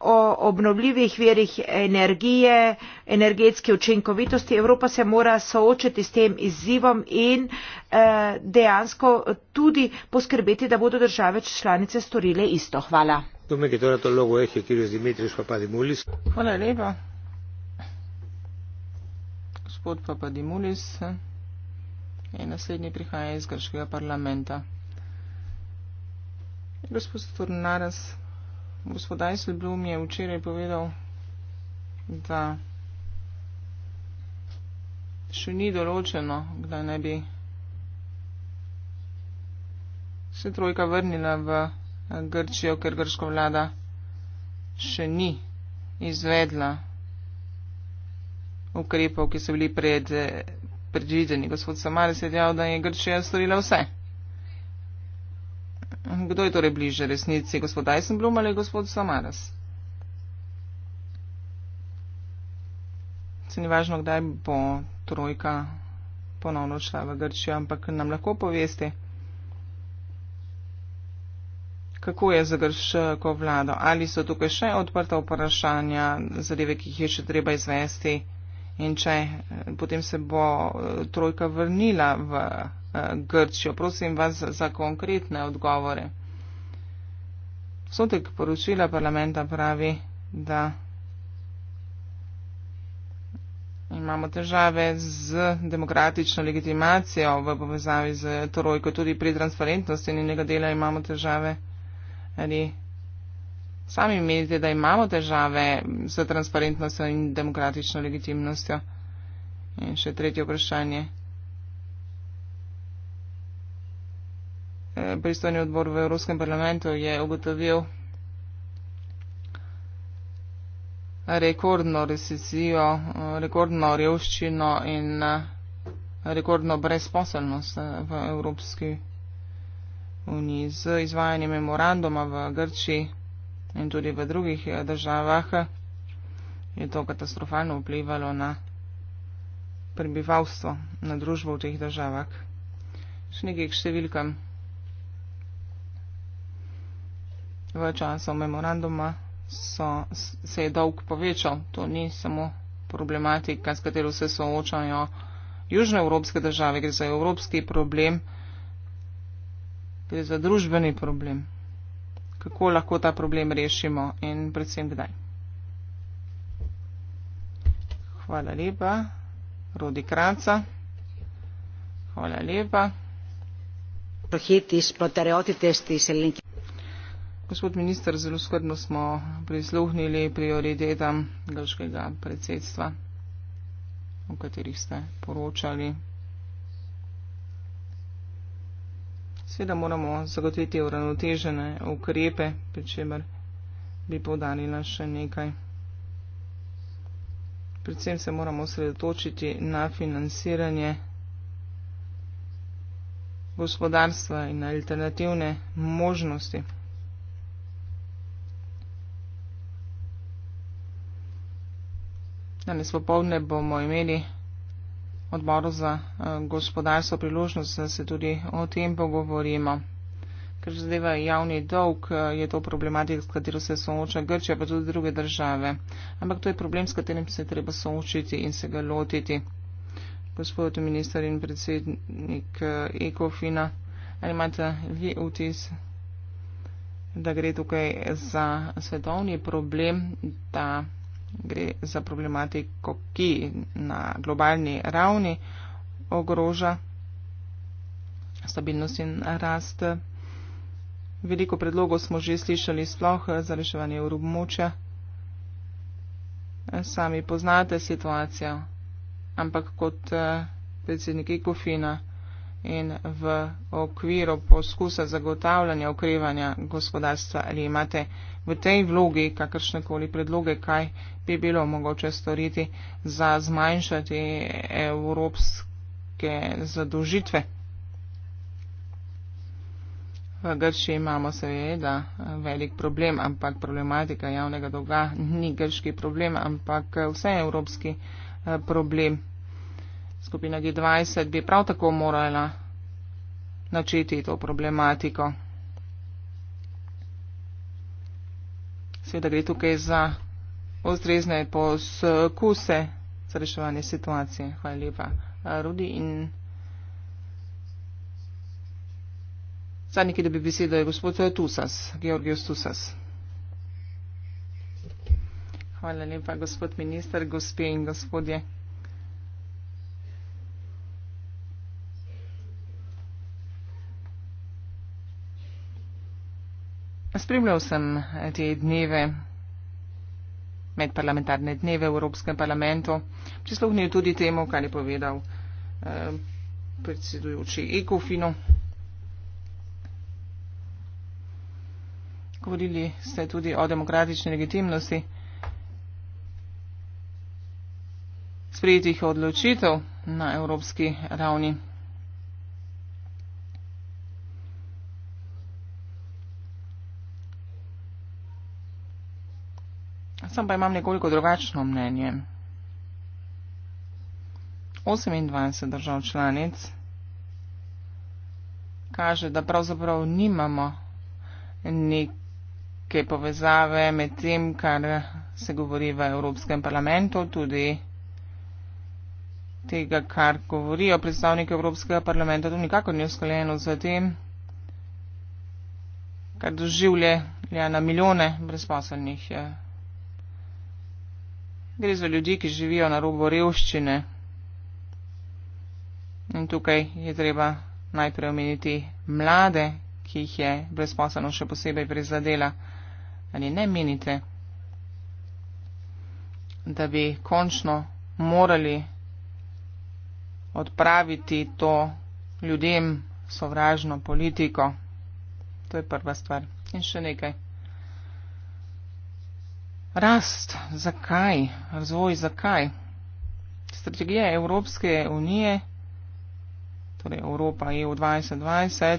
o obnovljivih verih energije, energetske učinkovitosti. Evropa se mora soočiti s tem izzivom in eh, dejansko tudi poskrbeti, da bodo države članice storile isto. Hvala. Hvala lepa. Gospod Papadimulis je naslednji prihaja iz Grškega parlamenta. Gospod Tornaras. Gospod Eiselblum je včeraj povedal, da še ni določeno, kdaj ne bi se trojka vrnila v Grčijo, ker grška vlada še ni izvedla ukrepov, ki so bili pred, predvideni. Gospod Samaris je dejal, da je Grčija storila vse. Kdo je torej bliže resnici, gospod Eisenblum ali gospod Samaras? Se ni važno, kdaj bo trojka ponovno šla v Grčijo, ampak nam lahko poveste, kako je za Grško vlado. Ali so tukaj še odprta vprašanja, zadeve, ki jih je še treba izvesti in če potem se bo eh, trojka vrnila v Grčijo. Grčijo. Prosim vas za konkretne odgovore. Sotek poročila parlamenta pravi, da imamo težave z demokratično legitimacijo v povezavi z trojko, tudi pri transparentnosti njenega dela imamo težave. Ali sami menite, da imamo težave z transparentnostjo in demokratično legitimnostjo? In še tretje vprašanje. pristojni odbor v Evropskem parlamentu je ugotovil rekordno recesijo, rekordno revščino in rekordno brezposelnost v Evropski uniji. Z izvajanjem memoranduma v Grčiji in tudi v drugih državah je to katastrofalno vplivalo na prebivalstvo, na družbo v teh državah. Še nekaj k številkam. v času memoranduma so, se je dolg povečal. To ni samo problematika, s katero se soočajo južnoevropske države, gre za evropski problem, gre za družbeni problem. Kako lahko ta problem rešimo in predvsem kdaj. Hvala lepa, Rudi Kraca. Hvala lepa. Prohiti smo stereotipe, ste se linki. Gospod minister, zelo skrbno smo prisluhnili prioritetam grškega predsedstva, o katerih ste poročali. Sveda moramo zagotoviti uravnotežene ukrepe, pri čemer bi povdarila še nekaj. Predvsem se moramo sredotočiti na financiranje gospodarstva in na alternativne možnosti. Danes popovdne bomo imeli odboru za eh, gospodarstvo priložnost, da se tudi o tem pogovorimo. Ker zadeva javni dolg, eh, je to problematika, s katero se sooča Grčija, pa tudi druge države. Ampak to je problem, s katerim se treba soočiti in se ga lotiti. Gospod minister in predsednik eh, Ekofina, ali imate vi vtis, da gre tukaj za svetovni problem, da gre za problematiko, ki na globalni ravni ogroža stabilnost in rast. Veliko predlogov smo že slišali sploh za reševanje urobmočja. Sami poznate situacijo, ampak kot predsednik Ekofina in v okviru poskusa zagotavljanja okrevanja gospodarstva ali imate v tej vlogi kakršne koli predloge, kaj bi bilo mogoče storiti za zmanjšati evropske zadožitve. V Grči imamo seveda velik problem, ampak problematika javnega dolga ni grški problem, ampak vse evropski eh, problem. Skupina G20 bi prav tako morala načeti to problematiko. Seveda gre tukaj za ustrezne poskuse za reševanje situacije. Hvala lepa, eh, Rudi. In zadnji, ki dobi besedo, je gospod Tusas, Georgios Tusas. Hvala lepa, gospod minister, gospe in gospodje. Spremljal sem te dneve, medparlamentarne dneve v Evropskem parlamentu. Prisluhnil tudi temu, kar je povedal eh, predsedujoči Ekofino. Govorili ste tudi o demokratični legitimnosti sprejetih odločitev na evropski ravni. sem pa imam nekoliko drugačno mnenje. 28 držav članic kaže, da pravzaprav nimamo neke povezave med tem, kar se govori v Evropskem parlamentu, tudi tega, kar govorijo predstavniki Evropskega parlamenta, to nikako ni usklajeno z tem, kar doživlja na milijone brezposobnih. Je. Eh, Gre za ljudi, ki živijo na robu revščine. In tukaj je treba najprej omeniti mlade, ki jih je brezposelno še posebej prizadela. Ali ne menite, da bi končno morali odpraviti to ljudem sovražno politiko? To je prva stvar. In še nekaj. Rast, zakaj? Razvoj, zakaj? Strategija Evropske unije, torej Evropa EU 2020,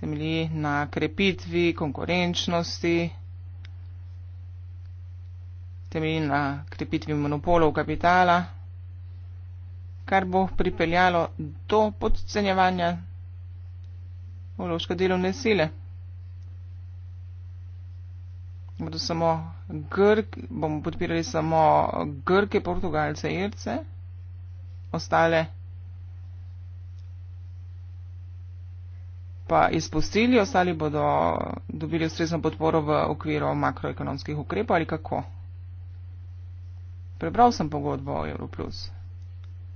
temelji na krepitvi konkurenčnosti, temelji na krepitvi monopolov kapitala, kar bo pripeljalo do podcenjevanja vložka delovne sile. Bodo samo Grk, bomo podpirali samo Grke, Portugalce, Irce, ostale pa izpustili, ostali bodo dobili ustrezno podporo v okviru makroekonomskih ukrepov ali kako. Prebral sem pogodbo o Europlus,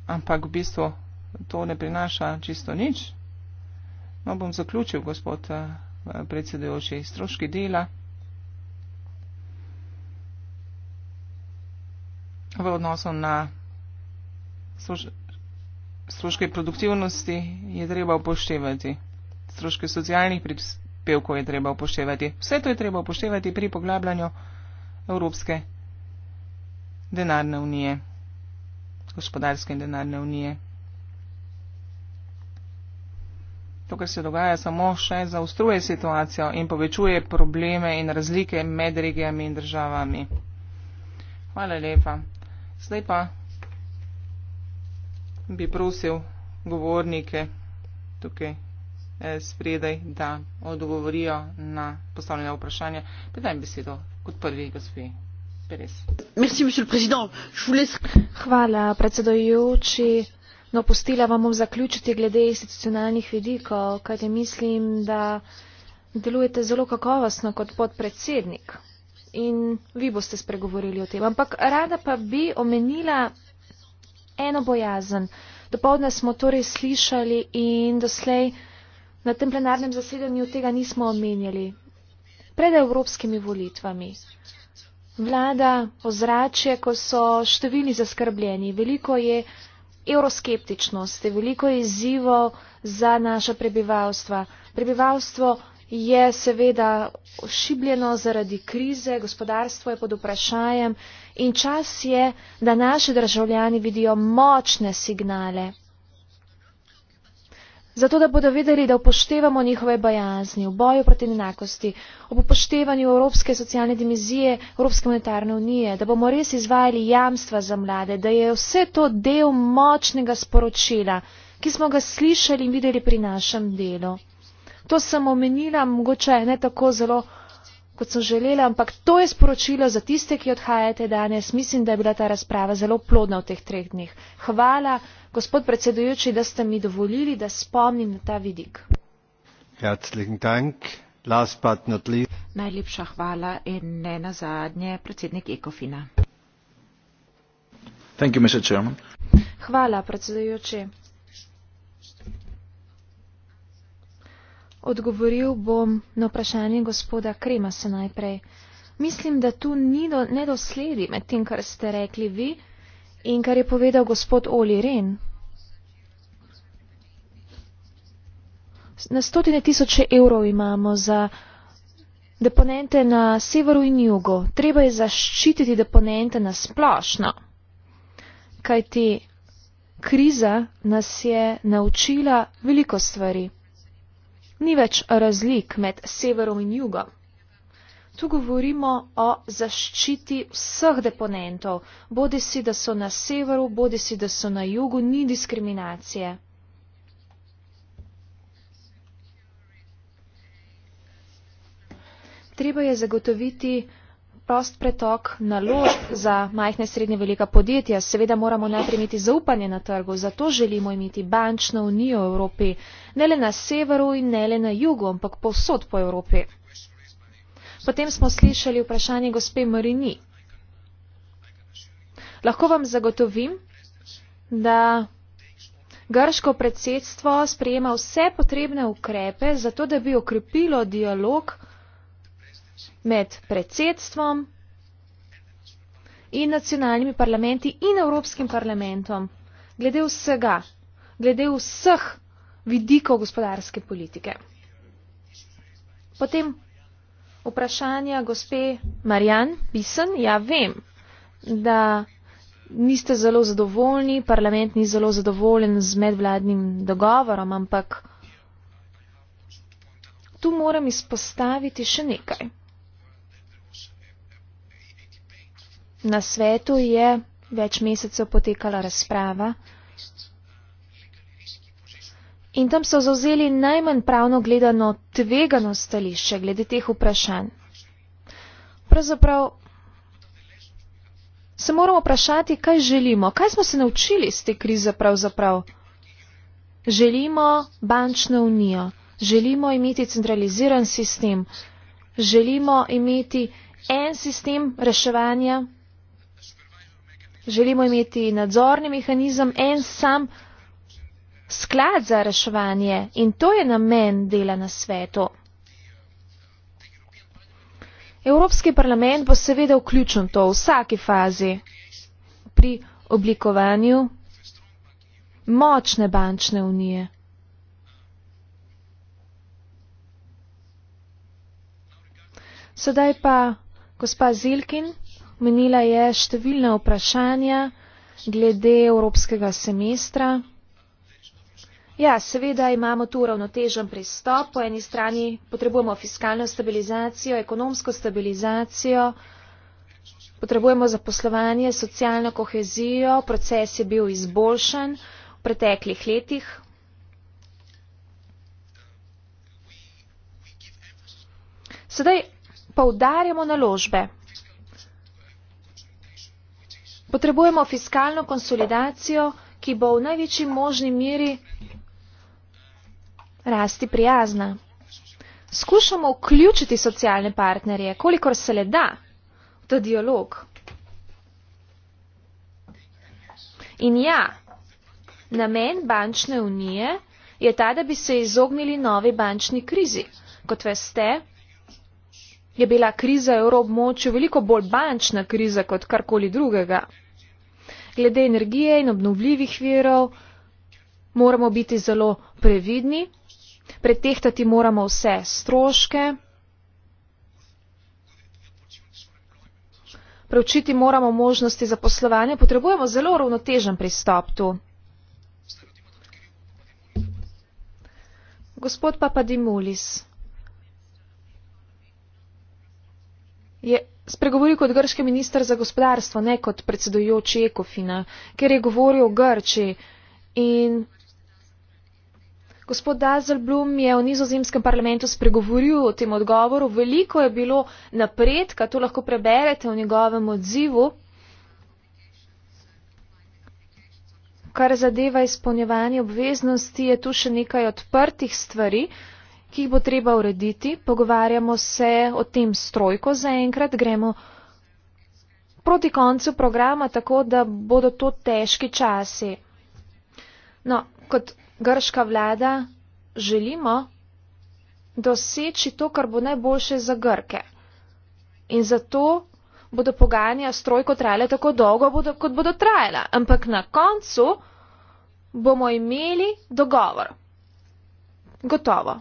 ampak v bistvu to ne prinaša čisto nič. No, bom zaključil, gospod eh, predsedujoči, stroški dela. v odnosu na stroške produktivnosti je treba upoštevati, stroške socialnih prispevkov je treba upoštevati. Vse to je treba upoštevati pri poglabljanju Evropske denarne unije, gospodarske denarne unije. To, kar se dogaja, samo še zaostruje situacijo in povečuje probleme in razlike med regijami in državami. Hvala lepa. Zdaj pa bi prosil govornike tukaj eh, spredaj, da odgovorijo na postavljene vprašanja. Predajem besedo kot prvi gospodin. Hvala, predsedojoči. No, postila vam bom zaključiti glede institucionalnih vidikov, kajte mislim, da delujete zelo kakovostno kot podpredsednik in vi boste spregovorili o tem. Ampak rada pa bi omenila eno bojazen. Dopovdne smo torej slišali in doslej na tem plenarnem zasedanju tega nismo omenjali. Pred evropskimi volitvami. Vlada ozračje, ko so številni zaskrbljeni. Veliko je euroskeptičnosti, veliko je izzivo za naše prebivalstva. Prebivalstvo. Prebivalstvo je seveda ošibljeno zaradi krize, gospodarstvo je pod vprašanjem in čas je, da naši državljani vidijo močne signale. Zato, da bodo videli, da upoštevamo njihove bajazni v boju proti nenakosti, ob upoštevanju Evropske socialne dimizije, Evropske monetarne unije, da bomo res izvajali jamstva za mlade, da je vse to del močnega sporočila, ki smo ga slišali in videli pri našem delu. To sem omenila, mogoče ne tako zelo, kot sem želela, ampak to je sporočilo za tiste, ki odhajate danes. Mislim, da je bila ta razprava zelo plodna v teh treh dneh. Hvala, gospod predsedujoči, da ste mi dovolili, da spomnim na ta vidik. Najlepša hvala in ne na zadnje, predsednik Ekofina. Thank you, Mr. Chairman. Hvala, predsedujoči. Odgovoril bom na vprašanje gospoda Krema se najprej. Mislim, da tu ni do, nedosledi med tem, kar ste rekli vi in kar je povedal gospod Oli Ren. Na stotine tisoče evrov imamo za deponente na severu in jugu. Treba je zaščititi deponente na splošno, kajti kriza nas je naučila veliko stvari ni več razlik med severom in jugom. Tu govorimo o zaščiti vseh deponentov, bodi si, da so na severu, bodi si, da so na jugu, ni diskriminacije. Treba je zagotoviti prost pretok naložb za majhne, srednje, velika podjetja. Seveda moramo najprej imeti zaupanje na trgu, zato želimo imeti bančno unijo v Evropi, ne le na severu in ne le na jugu, ampak povsod po Evropi. Potem smo slišali vprašanje gospe Marini. Lahko vam zagotovim, da grško predsedstvo sprejema vse potrebne ukrepe, zato da bi okrepilo dialog, med predsedstvom in nacionalnimi parlamenti in Evropskim parlamentom, glede vsega, glede vseh vidikov gospodarske politike. Potem vprašanja gospe Marjan Bisen. Ja, vem, da niste zelo zadovoljni, parlament ni zelo zadovoljen z medvladnim dogovorom, ampak tu moram izpostaviti še nekaj. Na svetu je več mesecev potekala razprava in tam so zauzeli najmanj pravno gledano tvegano stališče glede teh vprašanj. Pravzaprav se moramo vprašati, kaj želimo, kaj smo se naučili iz te krize pravzaprav. Želimo bančno unijo, želimo imeti centraliziran sistem, želimo imeti en sistem reševanja Želimo imeti nadzorni mehanizem, en sam sklad za reševanje in to je namen dela na svetu. Evropski parlament bo seveda vključen to v vsaki fazi pri oblikovanju močne bančne unije. Sedaj pa gospa Zilkin. Omenila je številna vprašanja glede evropskega semestra. Ja, seveda imamo tu ravnotežen pristop. Po eni strani potrebujemo fiskalno stabilizacijo, ekonomsko stabilizacijo, potrebujemo zaposlovanje, socialno kohezijo, proces je bil izboljšan v preteklih letih. Sedaj poudarjamo naložbe. Potrebujemo fiskalno konsolidacijo, ki bo v največji možni miri rasti prijazna. Skušamo vključiti socialne partnerje, kolikor se le da, v ta dialog. In ja, namen bančne unije je ta, da bi se izognili novi bančni krizi. Kot veste, je bila kriza v Evropmočju veliko bolj bančna kriza kot karkoli drugega glede energije in obnovljivih virov moramo biti zelo previdni, pretehtati moramo vse stroške, preučiti moramo možnosti za poslovanje, potrebujemo zelo ravnotežen pristop tu. Gospod Papadimulis je spregovoril kot grški minister za gospodarstvo, ne kot predsedujoči Ekofina, ker je govoril o Grči. In gospod Dazelblum je v nizozemskem parlamentu spregovoril o tem odgovoru. Veliko je bilo napredka, to lahko preberete v njegovem odzivu, kar zadeva izpolnjevanje obveznosti, je tu še nekaj odprtih stvari. Uh, ki jih bo treba urediti. Pogovarjamo se o tem strojko zaenkrat, gremo proti koncu programa, tako da bodo to težki časi. No, kot grška vlada želimo doseči to, kar bo najboljše za Grke. In zato bodo pogajanja strojko trajale tako dolgo, bodo, kot bodo trajala. Ampak na koncu bomo imeli dogovor. Gotovo.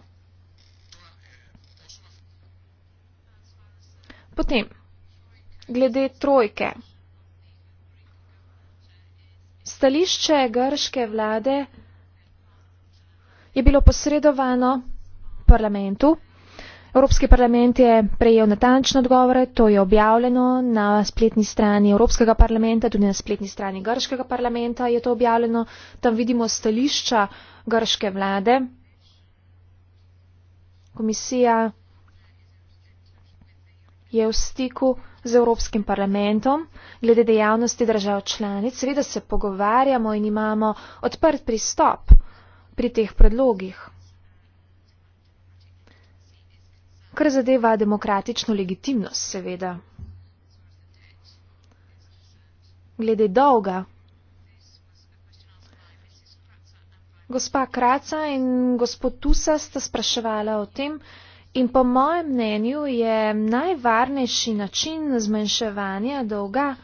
Potem, glede trojke. Stališče grške vlade je bilo posredovano parlamentu. Evropski parlament je prejel natančne odgovore, to je objavljeno na spletni strani Evropskega parlamenta, tudi na spletni strani grškega parlamenta je to objavljeno. Tam vidimo stališča grške vlade. Komisija je v stiku z Evropskim parlamentom, glede dejavnosti držav članic, seveda se pogovarjamo in imamo odprt pristop pri teh predlogih. Kar zadeva demokratično legitimnost, seveda. Glede dolga. Gospa Kraca in gospod Tusa sta spraševala o tem, In po mojem mnenju je najvarnejši način zmanjševanja dolga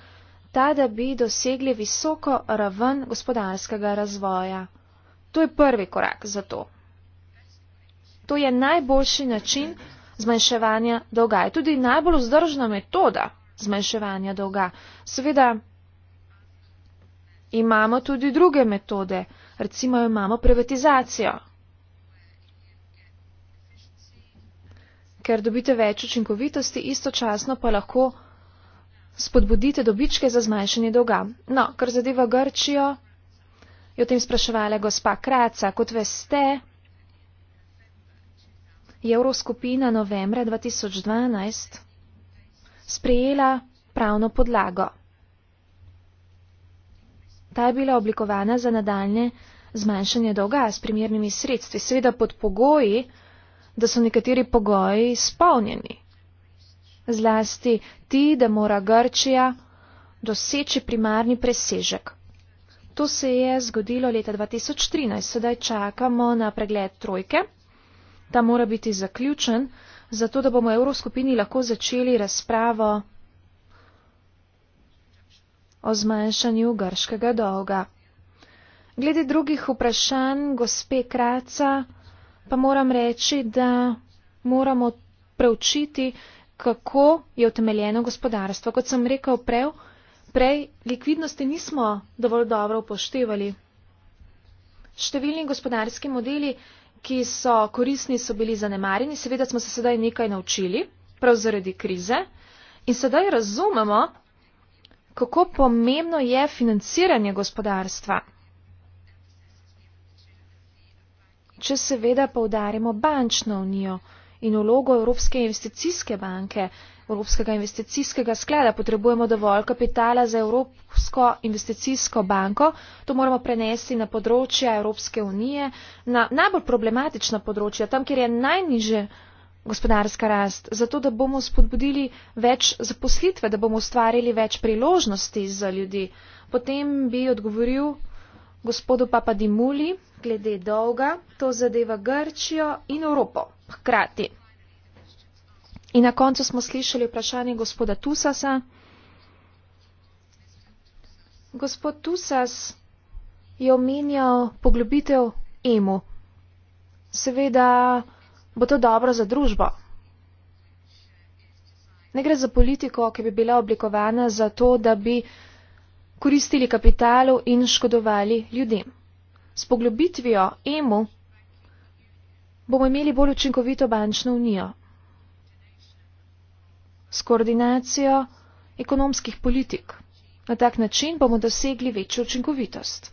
ta, da bi dosegli visoko raven gospodarskega razvoja. To je prvi korak za to. To je najboljši način zmanjševanja dolga. Je tudi najbolj vzdržna metoda zmanjševanja dolga. Seveda imamo tudi druge metode. Recimo imamo privatizacijo. ker dobite več učinkovitosti, istočasno pa lahko spodbudite dobičke za zmanjšanje dolga. No, kar zadeva Grčijo, je o tem spraševala gospa Kraca. Kot veste, je Evroskupina novembra 2012 sprejela pravno podlago. Ta je bila oblikovana za nadaljne zmanjšanje dolga s primernimi sredstvi, seveda pod pogoji, da so nekateri pogoji izpolnjeni. Zlasti ti, da mora Grčija doseči primarni presežek. To se je zgodilo leta 2013, sedaj čakamo na pregled trojke. Ta mora biti zaključen, zato da bomo v Evroskupini lahko začeli razpravo o zmanjšanju grškega dolga. Glede drugih vprašanj, gospe Kraca, pa moram reči, da moramo preučiti, kako je utemeljeno gospodarstvo. Kot sem rekel prej, prej likvidnosti nismo dovolj dobro upoštevali. Številni gospodarski modeli, ki so korisni, so bili zanemarjeni. Seveda smo se sedaj nekaj naučili, prav zaradi krize. In sedaj razumemo, kako pomembno je financiranje gospodarstva. če seveda povdarimo bančno unijo in vlogo Evropske investicijske banke, Evropskega investicijskega sklada. Potrebujemo dovolj kapitala za Evropsko investicijsko banko. To moramo prenesti na področja Evropske unije, na najbolj problematična področja, tam, kjer je najniže gospodarska rast, zato da bomo spodbudili več zaposlitve, da bomo ustvarili več priložnosti za ljudi. Potem bi odgovoril gospodu Papadimuli glede dolga, to zadeva Grčijo in Evropo hkrati. In na koncu smo slišali vprašanje gospoda Tusasa. Gospod Tusas je omenjal poglobitev emu. Seveda bo to dobro za družbo. Ne gre za politiko, ki bi bila oblikovana za to, da bi koristili kapitalu in škodovali ljudem. S poglobitvijo EMU bomo imeli bolj učinkovito bančno unijo. S koordinacijo ekonomskih politik. Na tak način bomo dosegli večjo učinkovitost.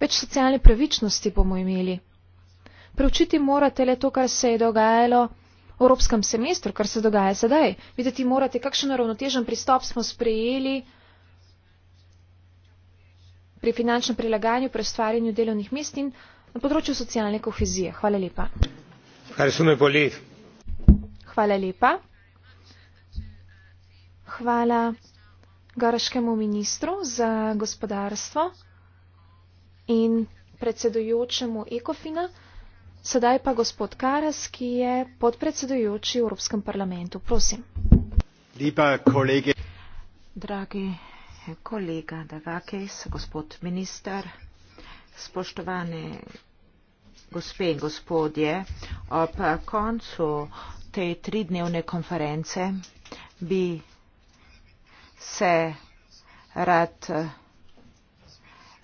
Več socialne pravičnosti bomo imeli. Preučiti morate le to, kar se je dogajalo v evropskem semestru, kar se dogaja sedaj. Videti morate, kakšen ravnotežen pristop smo sprejeli pri finančnem prilagajanju, pri ustvarjanju delovnih mest in na področju socialne kohezije. Hvala lepa. Hvala lepa. Hvala garaškemu ministru za gospodarstvo in predsedujočemu Ekofina. Sedaj pa gospod Karas, ki je podpredsedujoči v Evropskem parlamentu. Prosim. Lepa kolege. Dragi kolega Davakejs, gospod minister, spoštovane gospe in gospodje, ob koncu te tridnevne konference bi se rad eh,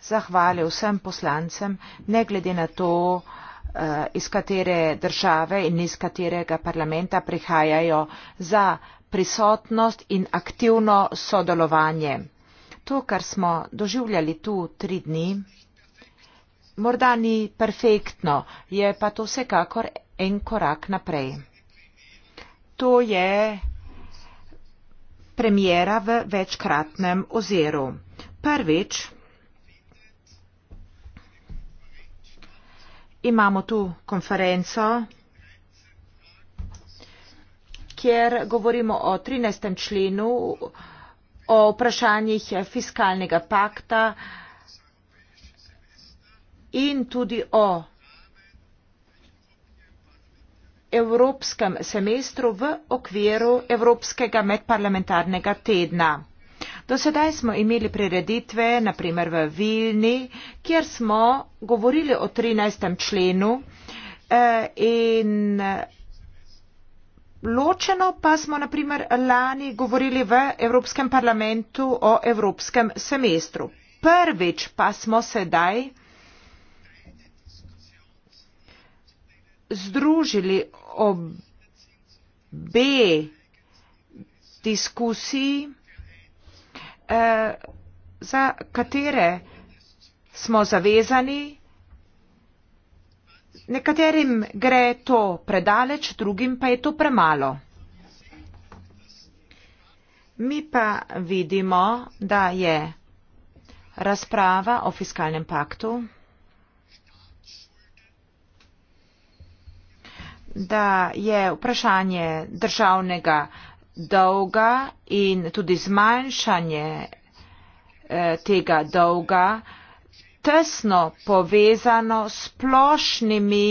zahvalil vsem poslancem, ne glede na to, eh, iz katere države in iz katerega parlamenta prihajajo za prisotnost in aktivno sodelovanje to, kar smo doživljali tu tri dni, morda ni perfektno, je pa to vsekakor en korak naprej. To je premjera v večkratnem oziru. Prvič imamo tu konferenco, kjer govorimo o 13. členu o vprašanjih fiskalnega pakta in tudi o evropskem semestru v okviru Evropskega medparlamentarnega tedna. Do sedaj smo imeli prireditve, naprimer v Vilni, kjer smo govorili o 13. členu eh, in ločeno pa smo naprimer lani govorili v Evropskem parlamentu o Evropskem semestru. Prvič pa smo sedaj združili obe diskusiji, eh, za katere smo zavezani Nekaterim gre to predaleč, drugim pa je to premalo. Mi pa vidimo, da je razprava o fiskalnem paktu, da je vprašanje državnega dolga in tudi zmanjšanje eh, tega dolga, tesno povezano s splošnimi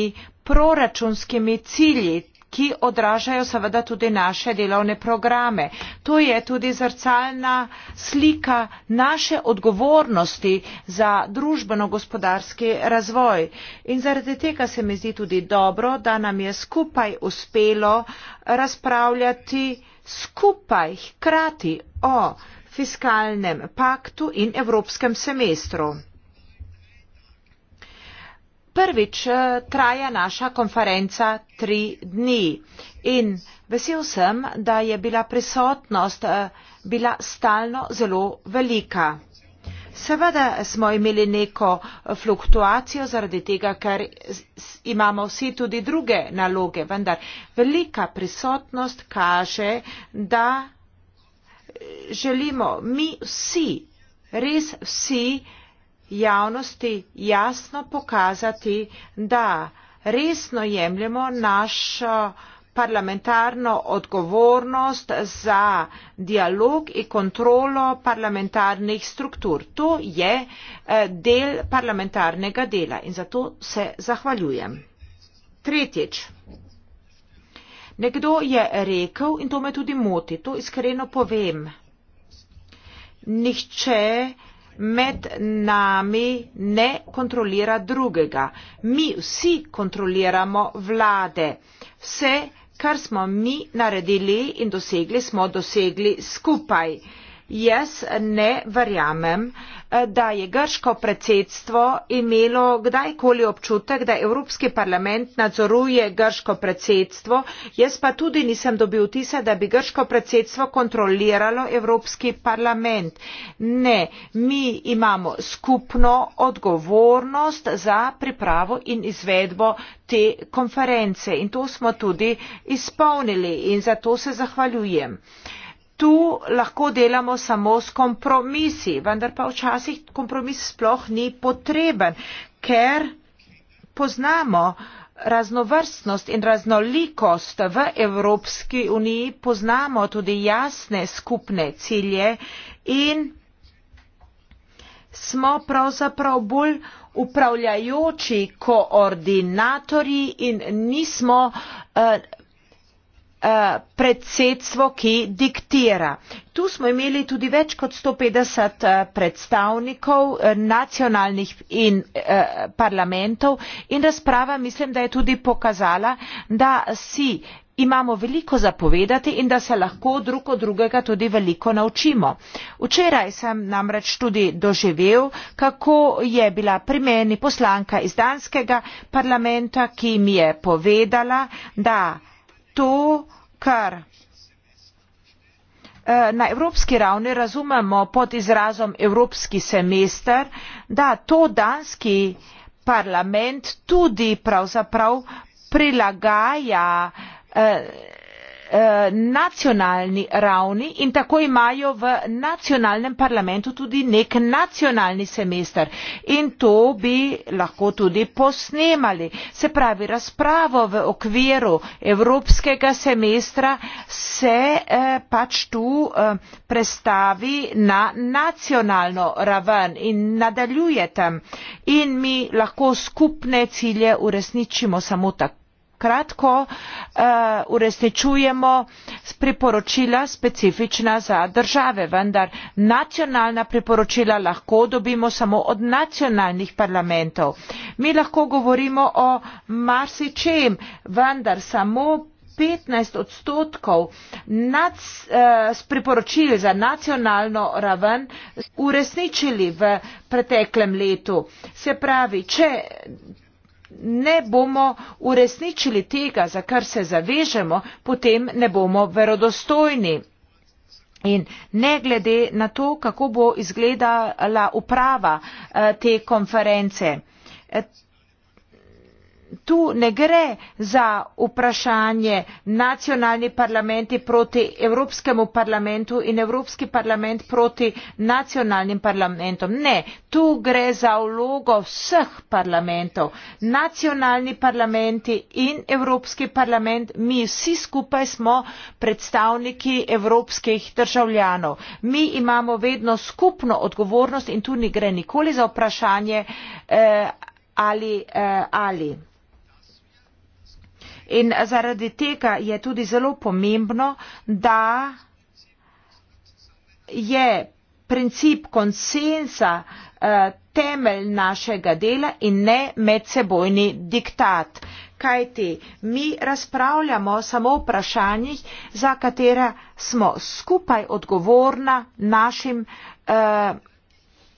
proračunskimi cilji, ki odražajo seveda tudi naše delovne programe. To je tudi zrcalna slika naše odgovornosti za družbeno-gospodarski razvoj. In zaradi tega se mi zdi tudi dobro, da nam je skupaj uspelo razpravljati skupaj hkrati o fiskalnem paktu in evropskem semestru prvič eh, traja naša konferenca tri dni in vesel sem, da je bila prisotnost eh, bila stalno zelo velika. Seveda smo imeli neko eh, fluktuacijo zaradi tega, ker imamo vsi tudi druge naloge, vendar velika prisotnost kaže, da želimo mi vsi, res vsi, javnosti jasno pokazati, da resno jemljemo našo parlamentarno odgovornost za dialog in kontrolo parlamentarnih struktur. To je eh, del parlamentarnega dela in zato se zahvaljujem. Tretjič. Nekdo je rekel in to me tudi moti, to iskreno povem. Nihče med nami ne kontrolira drugega. Mi vsi kontroliramo vlade. Vse, kar smo mi naredili in dosegli, smo dosegli skupaj jaz ne verjamem, eh, da je grško predsedstvo imelo kdajkoli občutek, da Evropski parlament nadzoruje grško predsedstvo, jaz pa tudi nisem dobil tisa, da bi grško predsedstvo kontroliralo Evropski parlament. Ne, mi imamo skupno odgovornost za pripravo in izvedbo te konference in to smo tudi izpolnili in za to se zahvaljujem. Uh, tu lahko delamo samo s kompromisi, vendar pa včasih kompromis sploh ni potreben, ker poznamo raznovrstnost in raznolikost v Evropski uniji, poznamo tudi jasne skupne cilje in smo pravzaprav bolj upravljajoči koordinatorji in nismo uh, Eh, predsedstvo, ki diktira. Tu smo imeli tudi več kot 150 eh, predstavnikov eh, nacionalnih in parlamentov in razprava mislim, da je tudi pokazala, da si imamo veliko zapovedati in da se lahko drug od drugega tudi veliko naučimo. Včeraj sem namreč tudi doživel, kako je bila pri meni poslanka iz danskega parlamenta, ki mi je povedala, da to, kar eh, na evropski ravni razumemo pod izrazom evropski semester, da to danski parlament tudi pravzaprav prilagaja eh, Eh, nacionalni ravni in tako imajo v nacionalnem parlamentu tudi nek nacionalni semester in to bi lahko tudi posnemali. Se pravi, razpravo v okviru evropskega semestra se eh, pač tu eh, prestavi na nacionalno raven in nadaljuje tam in mi lahko skupne cilje uresničimo samo tako kratko eh, uresničujemo priporočila specifična za države vendar nacionalna priporočila lahko dobimo samo od nacionalnih parlamentov mi lahko govorimo o marsičem vendar samo 15 odstotkov nad, eh, s priporočili za nacionalno raven uresničili v preteklem letu. Se pravi, če ne bomo uresničili tega, za kar se zavežemo, potem ne bomo verodostojni. In ne glede na to, kako bo izgledala uprava eh, te konference. Eh, tu ne gre za vprašanje nacionalni parlamenti proti evropskemu parlamentu in evropski parlament proti nacionalnim parlamentom ne tu gre za vlogo vseh parlamentov nacionalni parlamenti in evropski parlament mi vsi skupaj smo predstavniki evropskih državljanov mi imamo vedno skupno odgovornost in tu ne gre nikoli za vprašanje eh, ali eh, ali in zaradi tega je tudi zelo pomembno, da je princip konsensa eh, temelj našega dela in ne medsebojni diktat. Kajti mi razpravljamo samo o vprašanjih, za katera smo skupaj odgovorna našim eh,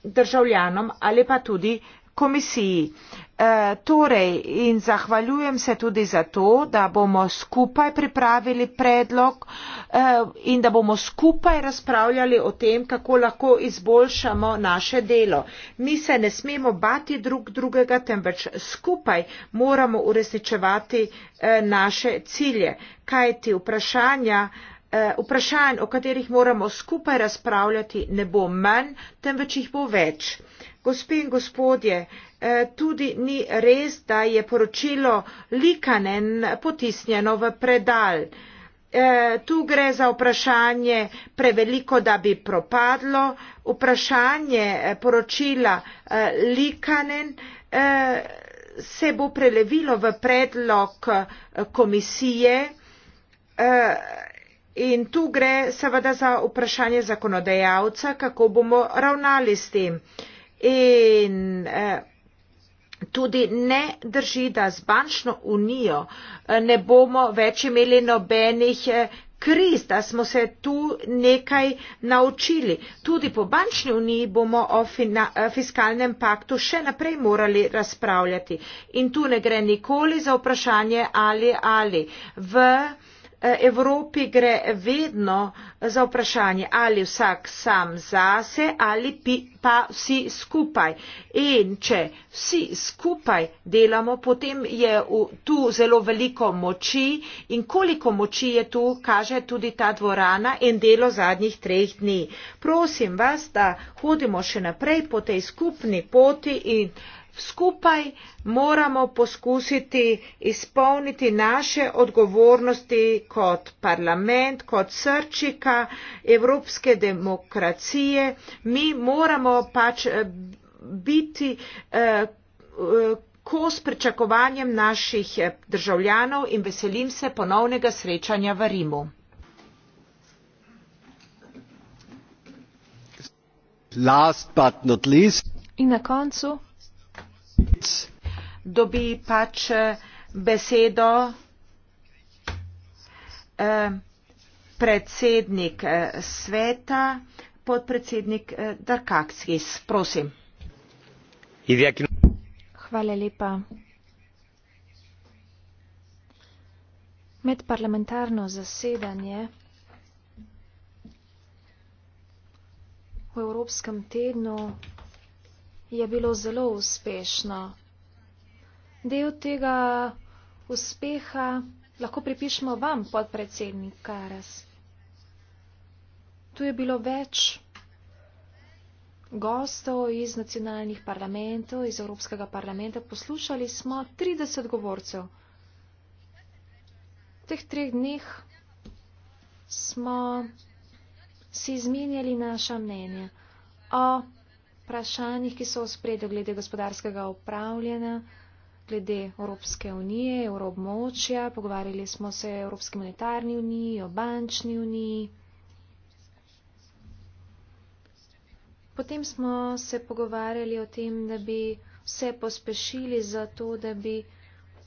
državljanom ali pa tudi komisiji. E, torej in zahvaljujem se tudi za to, da bomo skupaj pripravili predlog e, in da bomo skupaj razpravljali o tem, kako lahko izboljšamo naše delo. Mi se ne smemo bati drug drugega, temveč skupaj moramo uresničevati e, naše cilje. Kaj ti vprašanja? Vprašanj, o katerih moramo skupaj razpravljati, ne bo manj, temveč jih bo več gospe in gospodje, eh, tudi ni res, da je poročilo likanen potisnjeno v predal. Eh, tu gre za vprašanje preveliko, da bi propadlo, vprašanje eh, poročila likanen se bo prelevilo v predlog komisije in tu gre seveda za vprašanje zakonodajalca, kako bomo ravnali s tem in eh, tudi ne drži, da z bančno unijo eh, ne bomo več imeli nobenih eh, kriz, da smo se tu nekaj naučili. Tudi po bančni uniji bomo o fiskalnem paktu še naprej morali razpravljati. In tu ne gre nikoli za vprašanje ali ali. V Evropi gre vedno za vprašanje ali vsak sam zase ali pa vsi skupaj. In če vsi skupaj delamo, potem je tu zelo veliko moči in koliko moči je tu, kaže tudi ta dvorana in delo zadnjih treh dni. Prosim vas, da hodimo še naprej po tej skupni poti in Skupaj moramo poskusiti izpolniti naše odgovornosti kot parlament, kot srčika evropske demokracije. Mi moramo pač eh, biti eh, eh, kos pričakovanjem naših državljanov in veselim se ponovnega srečanja v Rimu. Last but not least. In na koncu dobi pač eh, besedo eh, predsednik eh, sveta, podpredsednik Darkakskis. Prosim. Hvala lepa. Medparlamentarno zasedanje v Evropskem tednu je bilo zelo uspešno. Del tega uspeha lahko pripišemo vam, podpredsednik Karas. Tu je bilo več gostov iz nacionalnih parlamentov, iz Evropskega parlamenta. Poslušali smo 30 govorcev. V teh treh dneh smo si izmenjali naša mnenja o vprašanjih, ki so v spredju glede gospodarskega upravljanja, glede Evropske unije, evroobmočja. Pogovarjali smo se o Evropski monetarni uniji, o bančni uniji. Potem smo se pogovarjali o tem, da bi vse pospešili za to, da bi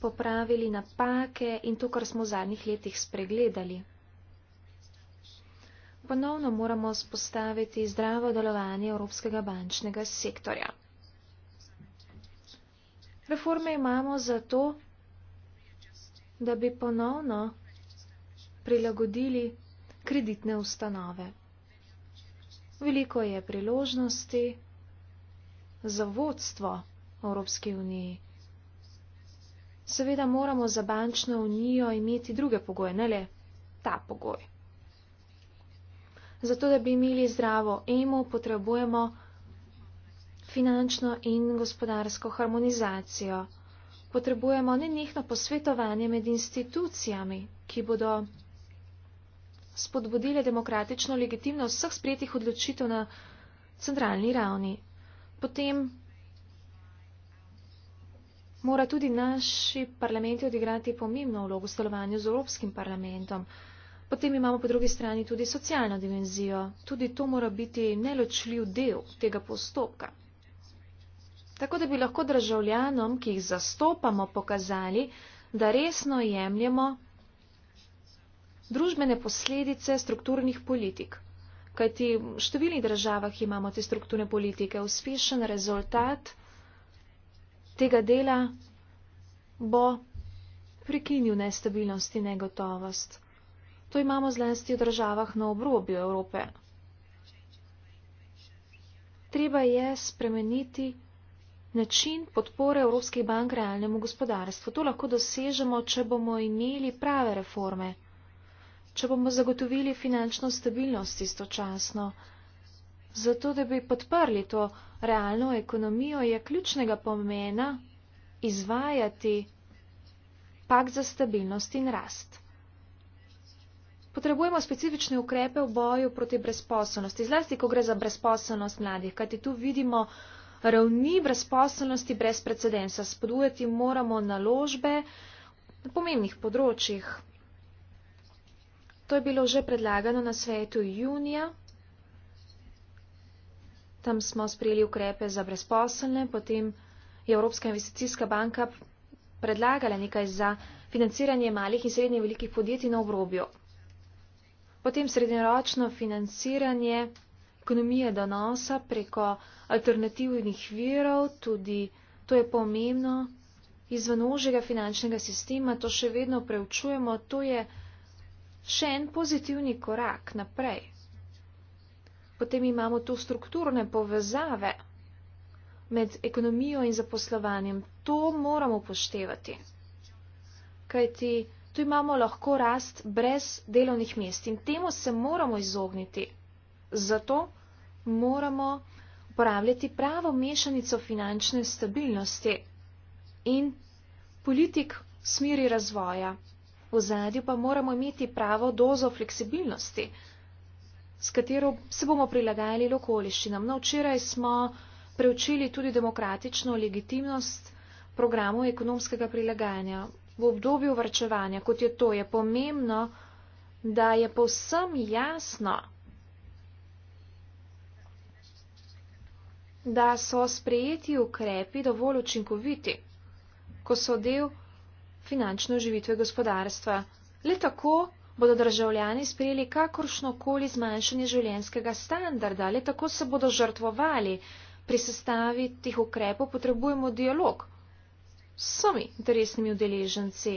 popravili napake in to, kar smo v zadnjih letih spregledali ponovno moramo spostaviti zdravo delovanje Evropskega bančnega sektorja. Reforme imamo zato, da bi ponovno prilagodili kreditne ustanove. Veliko je priložnosti za vodstvo Evropske unije. Seveda moramo za bančno unijo imeti druge pogoje, ne le ta pogoj. Zato, da bi imeli zdravo emo, potrebujemo finančno in gospodarsko harmonizacijo. Potrebujemo nenehno posvetovanje med institucijami, ki bodo spodbudile demokratično legitimno vseh sprejetih odločitev na centralni ravni. Potem mora tudi naši parlamenti odigrati pomembno vlogo v sodelovanju z Evropskim parlamentom. Potem imamo po drugi strani tudi socialno dimenzijo. Tudi to mora biti neločljiv del tega postopka. Tako da bi lahko državljanom, ki jih zastopamo, pokazali, da resno jemljemo družbene posledice strukturnih politik. Kajti v številnih državah imamo te strukturne politike. Uspešen rezultat tega dela bo prekinil nestabilnost in negotovost. To imamo zlasti v državah na obrobju Evrope. Treba je spremeniti način podpore Evropskih bank realnemu gospodarstvu. To lahko dosežemo, če bomo imeli prave reforme, če bomo zagotovili finančno stabilnost istočasno. Zato, da bi podprli to realno ekonomijo, je ključnega pomena izvajati pakt za stabilnost in rast. Potrebujemo specifične ukrepe v boju proti brezposelnosti, zlasti, ko gre za brezposelnost mladih, kajti tu vidimo ravni brezposelnosti brez precedensa. Spodbujati moramo naložbe na pomembnih področjih. To je bilo že predlagano na svetu junija. Tam smo sprejeli ukrepe za brezposelne, potem je Evropska investicijska banka predlagala nekaj za financiranje malih in srednje velikih podjetij na obrobju potem srednjeročno financiranje ekonomije donosa preko alternativnih virov, tudi to je pomembno, izven ožjega finančnega sistema, to še vedno preučujemo, to je še en pozitivni korak naprej. Potem imamo tu strukturne povezave med ekonomijo in zaposlovanjem. To moramo upoštevati. Kaj ti tu imamo lahko rast brez delovnih mest in temu se moramo izogniti. Zato moramo uporabljati pravo mešanico finančne stabilnosti in politik v smeri razvoja. V zadju pa moramo imeti pravo dozo fleksibilnosti, s katero se bomo prilagajali okoliščinam. No, včeraj smo preučili tudi demokratično legitimnost programov ekonomskega prilagajanja v obdobju vrčevanja, kot je to, je pomembno, da je povsem jasno, da so sprejeti ukrepi dovolj učinkoviti, ko so del finančne oživitve gospodarstva. Le tako bodo državljani sprejeli kakršnokoli zmanjšanje življenskega standarda, le tako se bodo žrtvovali. Pri sestavi teh ukrepov potrebujemo dialog, vsemi interesnimi udeleženci,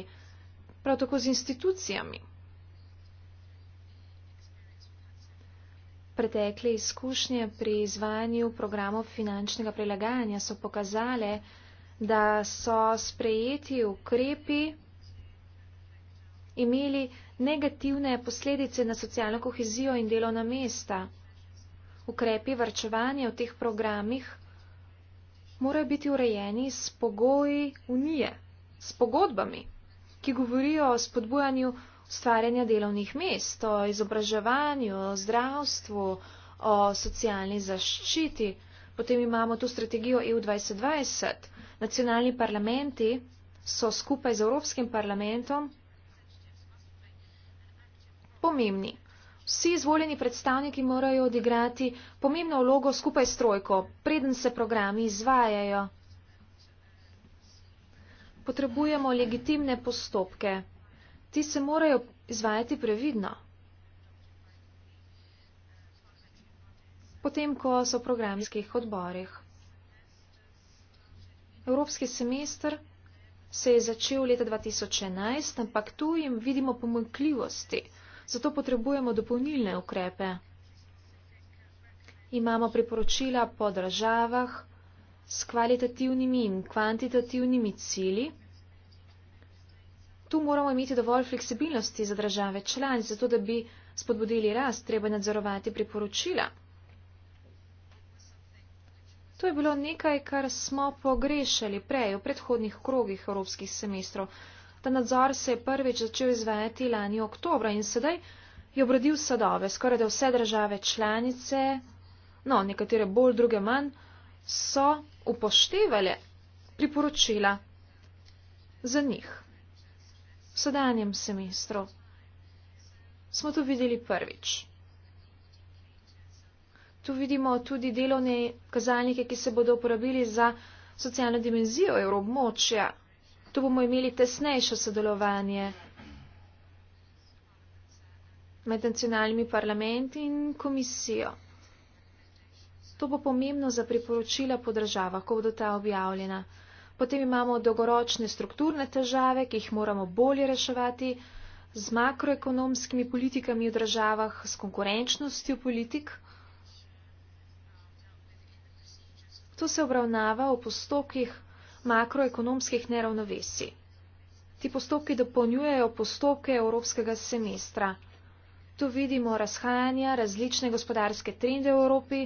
prav tako z institucijami. Pretekle izkušnje pri izvajanju programov finančnega prilagajanja so pokazale, da so sprejeti ukrepi imeli negativne posledice na socialno kohezijo in delovna mesta. Ukrepi varčevanja v teh programih morajo biti urejeni s pogoji unije, s pogodbami, ki govorijo o spodbujanju ustvarjanja delovnih mest, o izobraževanju, o zdravstvu, o socialni zaščiti. Potem imamo tu strategijo EU 2020. Nacionalni parlamenti so skupaj z Evropskim parlamentom pomembni. Vsi izvoljeni predstavniki morajo odigrati pomembno vlogo skupaj s trojko, preden se programi izvajajo. Potrebujemo legitimne postopke. Ti se morajo izvajati previdno. Potem, ko so v programskih odborih. Evropski semester se je začel leta 2011, ampak tu jim vidimo pomankljivosti. Zato potrebujemo dopolnilne ukrepe. Imamo priporočila po državah s kvalitativnimi in kvantitativnimi cilji. Tu moramo imeti dovolj fleksibilnosti za države članice, zato da bi spodbudili rast, treba nadzorovati priporočila. To je bilo nekaj, kar smo pogrešali prej v predhodnih krogih evropskih semestrov. Ta nadzor se je prvič začel izvajati lani oktobra in sedaj je obrodil sadove. Skoraj da vse države članice, no, nekatere bolj, druge manj, so upoštevali priporočila za njih. V sedanjem semestru smo to videli prvič. Tu vidimo tudi delovne kazalnike, ki se bodo uporabili za socialno dimenzijo evroobmočja tu bomo imeli tesnejše sodelovanje med nacionalnimi parlamenti in komisijo. To bo pomembno za priporočila po državah, ko bodo ta objavljena. Potem imamo dolgoročne strukturne težave, ki jih moramo bolje reševati z makroekonomskimi politikami v državah, s konkurenčnostjo politik. To se obravnava v postopkih makroekonomskih neravnovesij. Ti postopki dopolnjujejo postopke evropskega semestra. Tu vidimo razhajanja, različne gospodarske trende v Evropi,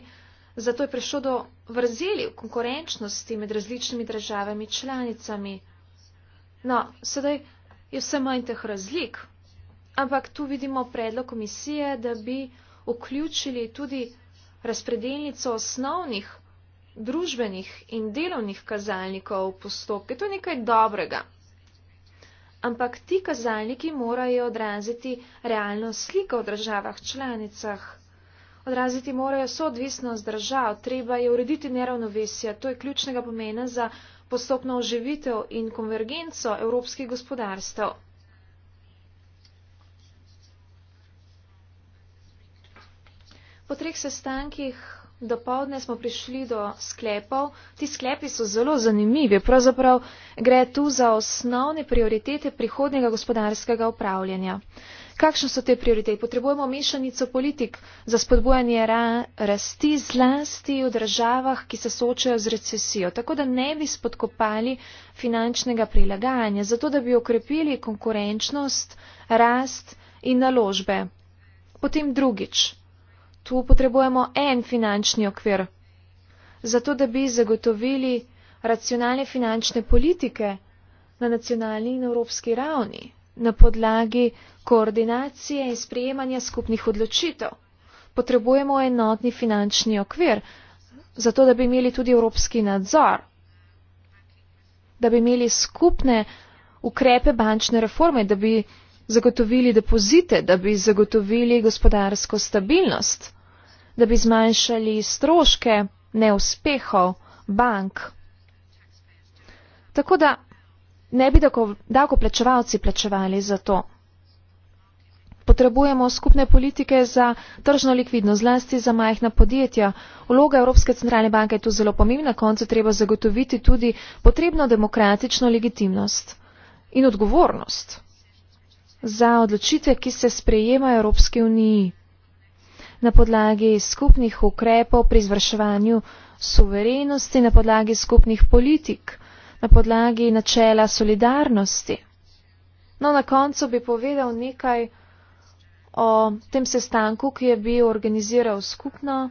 zato je prišlo do vrzeli v konkurenčnosti med različnimi državami članicami. No, sedaj je vse manj teh razlik, ampak tu vidimo predlog komisije, da bi vključili tudi razpredeljnico osnovnih družbenih in delovnih kazalnikov v postopke, to je nekaj dobrega. Ampak ti kazalniki morajo odraziti realno sliko v državah članicah. Odraziti morajo soodvisnost držav, treba je urediti neravnovesje, to je ključnega pomena za postopno oživitev in konvergenco evropskih gospodarstv. Po treh sestankih Do povdne smo prišli do sklepov. Ti sklepi so zelo zanimivi. Pravzaprav gre tu za osnovne prioritete prihodnega gospodarskega upravljanja. Kakšne so te prioritete? Potrebujemo mešanico politik za spodbojanje ra rasti zlasti v državah, ki se soočajo z recesijo, tako da ne bi spodkopali finančnega prilagajanja, zato da bi okrepili konkurenčnost, rast in naložbe. Potem drugič tu potrebujemo en finančni okvir. Zato, da bi zagotovili racionalne finančne politike na nacionalni in evropski ravni, na podlagi koordinacije in sprejemanja skupnih odločitev, potrebujemo enotni finančni okvir, zato da bi imeli tudi evropski nadzor, da bi imeli skupne ukrepe bančne reforme, da bi zagotovili depozite, da bi zagotovili gospodarsko stabilnost da bi zmanjšali stroške neuspehov bank. Tako da ne bi davkoplačevalci plačevali za to. Potrebujemo skupne politike za tržno likvidnost, zlasti za majhna podjetja. Vloga Evropske centralne banke je tu zelo pomembna, konce treba zagotoviti tudi potrebno demokratično legitimnost in odgovornost za odločitve, ki se sprejemajo Evropske unije na podlagi skupnih ukrepov pri izvrševanju suverenosti, na podlagi skupnih politik, na podlagi načela solidarnosti. No, na koncu bi povedal nekaj o tem sestanku, ki je bil organiziral skupno.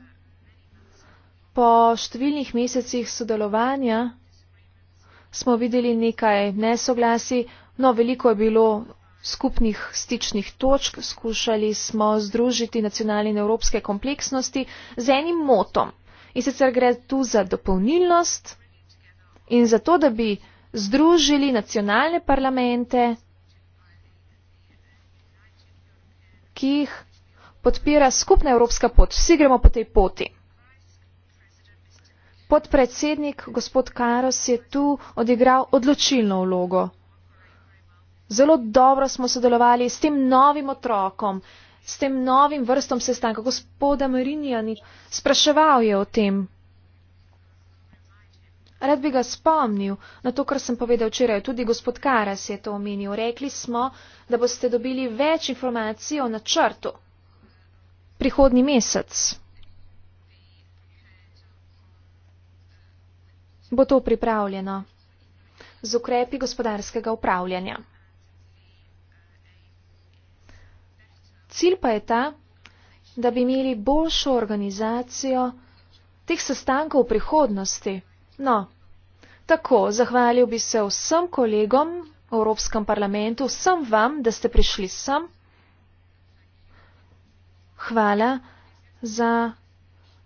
Po številnih mesecih sodelovanja smo videli nekaj nesoglasi, no, veliko je bilo skupnih stičnih točk, skušali smo združiti nacionalne in evropske kompleksnosti z enim motom. In sicer gre tu za dopolnilnost in za to, da bi združili nacionalne parlamente, ki jih podpira skupna evropska pot. Vsi gremo po tej poti. Podpredsednik gospod Karos je tu odigral odločilno vlogo zelo dobro smo sodelovali s tem novim otrokom, s tem novim vrstom sestanka. Gospoda Marinjani spraševal je o tem. Rad bi ga spomnil na to, kar sem povedal včeraj. Tudi gospod Karas je to omenil. Rekli smo, da boste dobili več informacij o načrtu prihodni mesec. Bo to pripravljeno z ukrepi gospodarskega upravljanja. Cilj pa je ta, da bi imeli boljšo organizacijo teh sestankov v prihodnosti. No, tako, zahvalil bi se vsem kolegom v Evropskem parlamentu, vsem vam, da ste prišli sem. Hvala za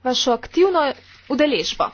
vašo aktivno udeležbo.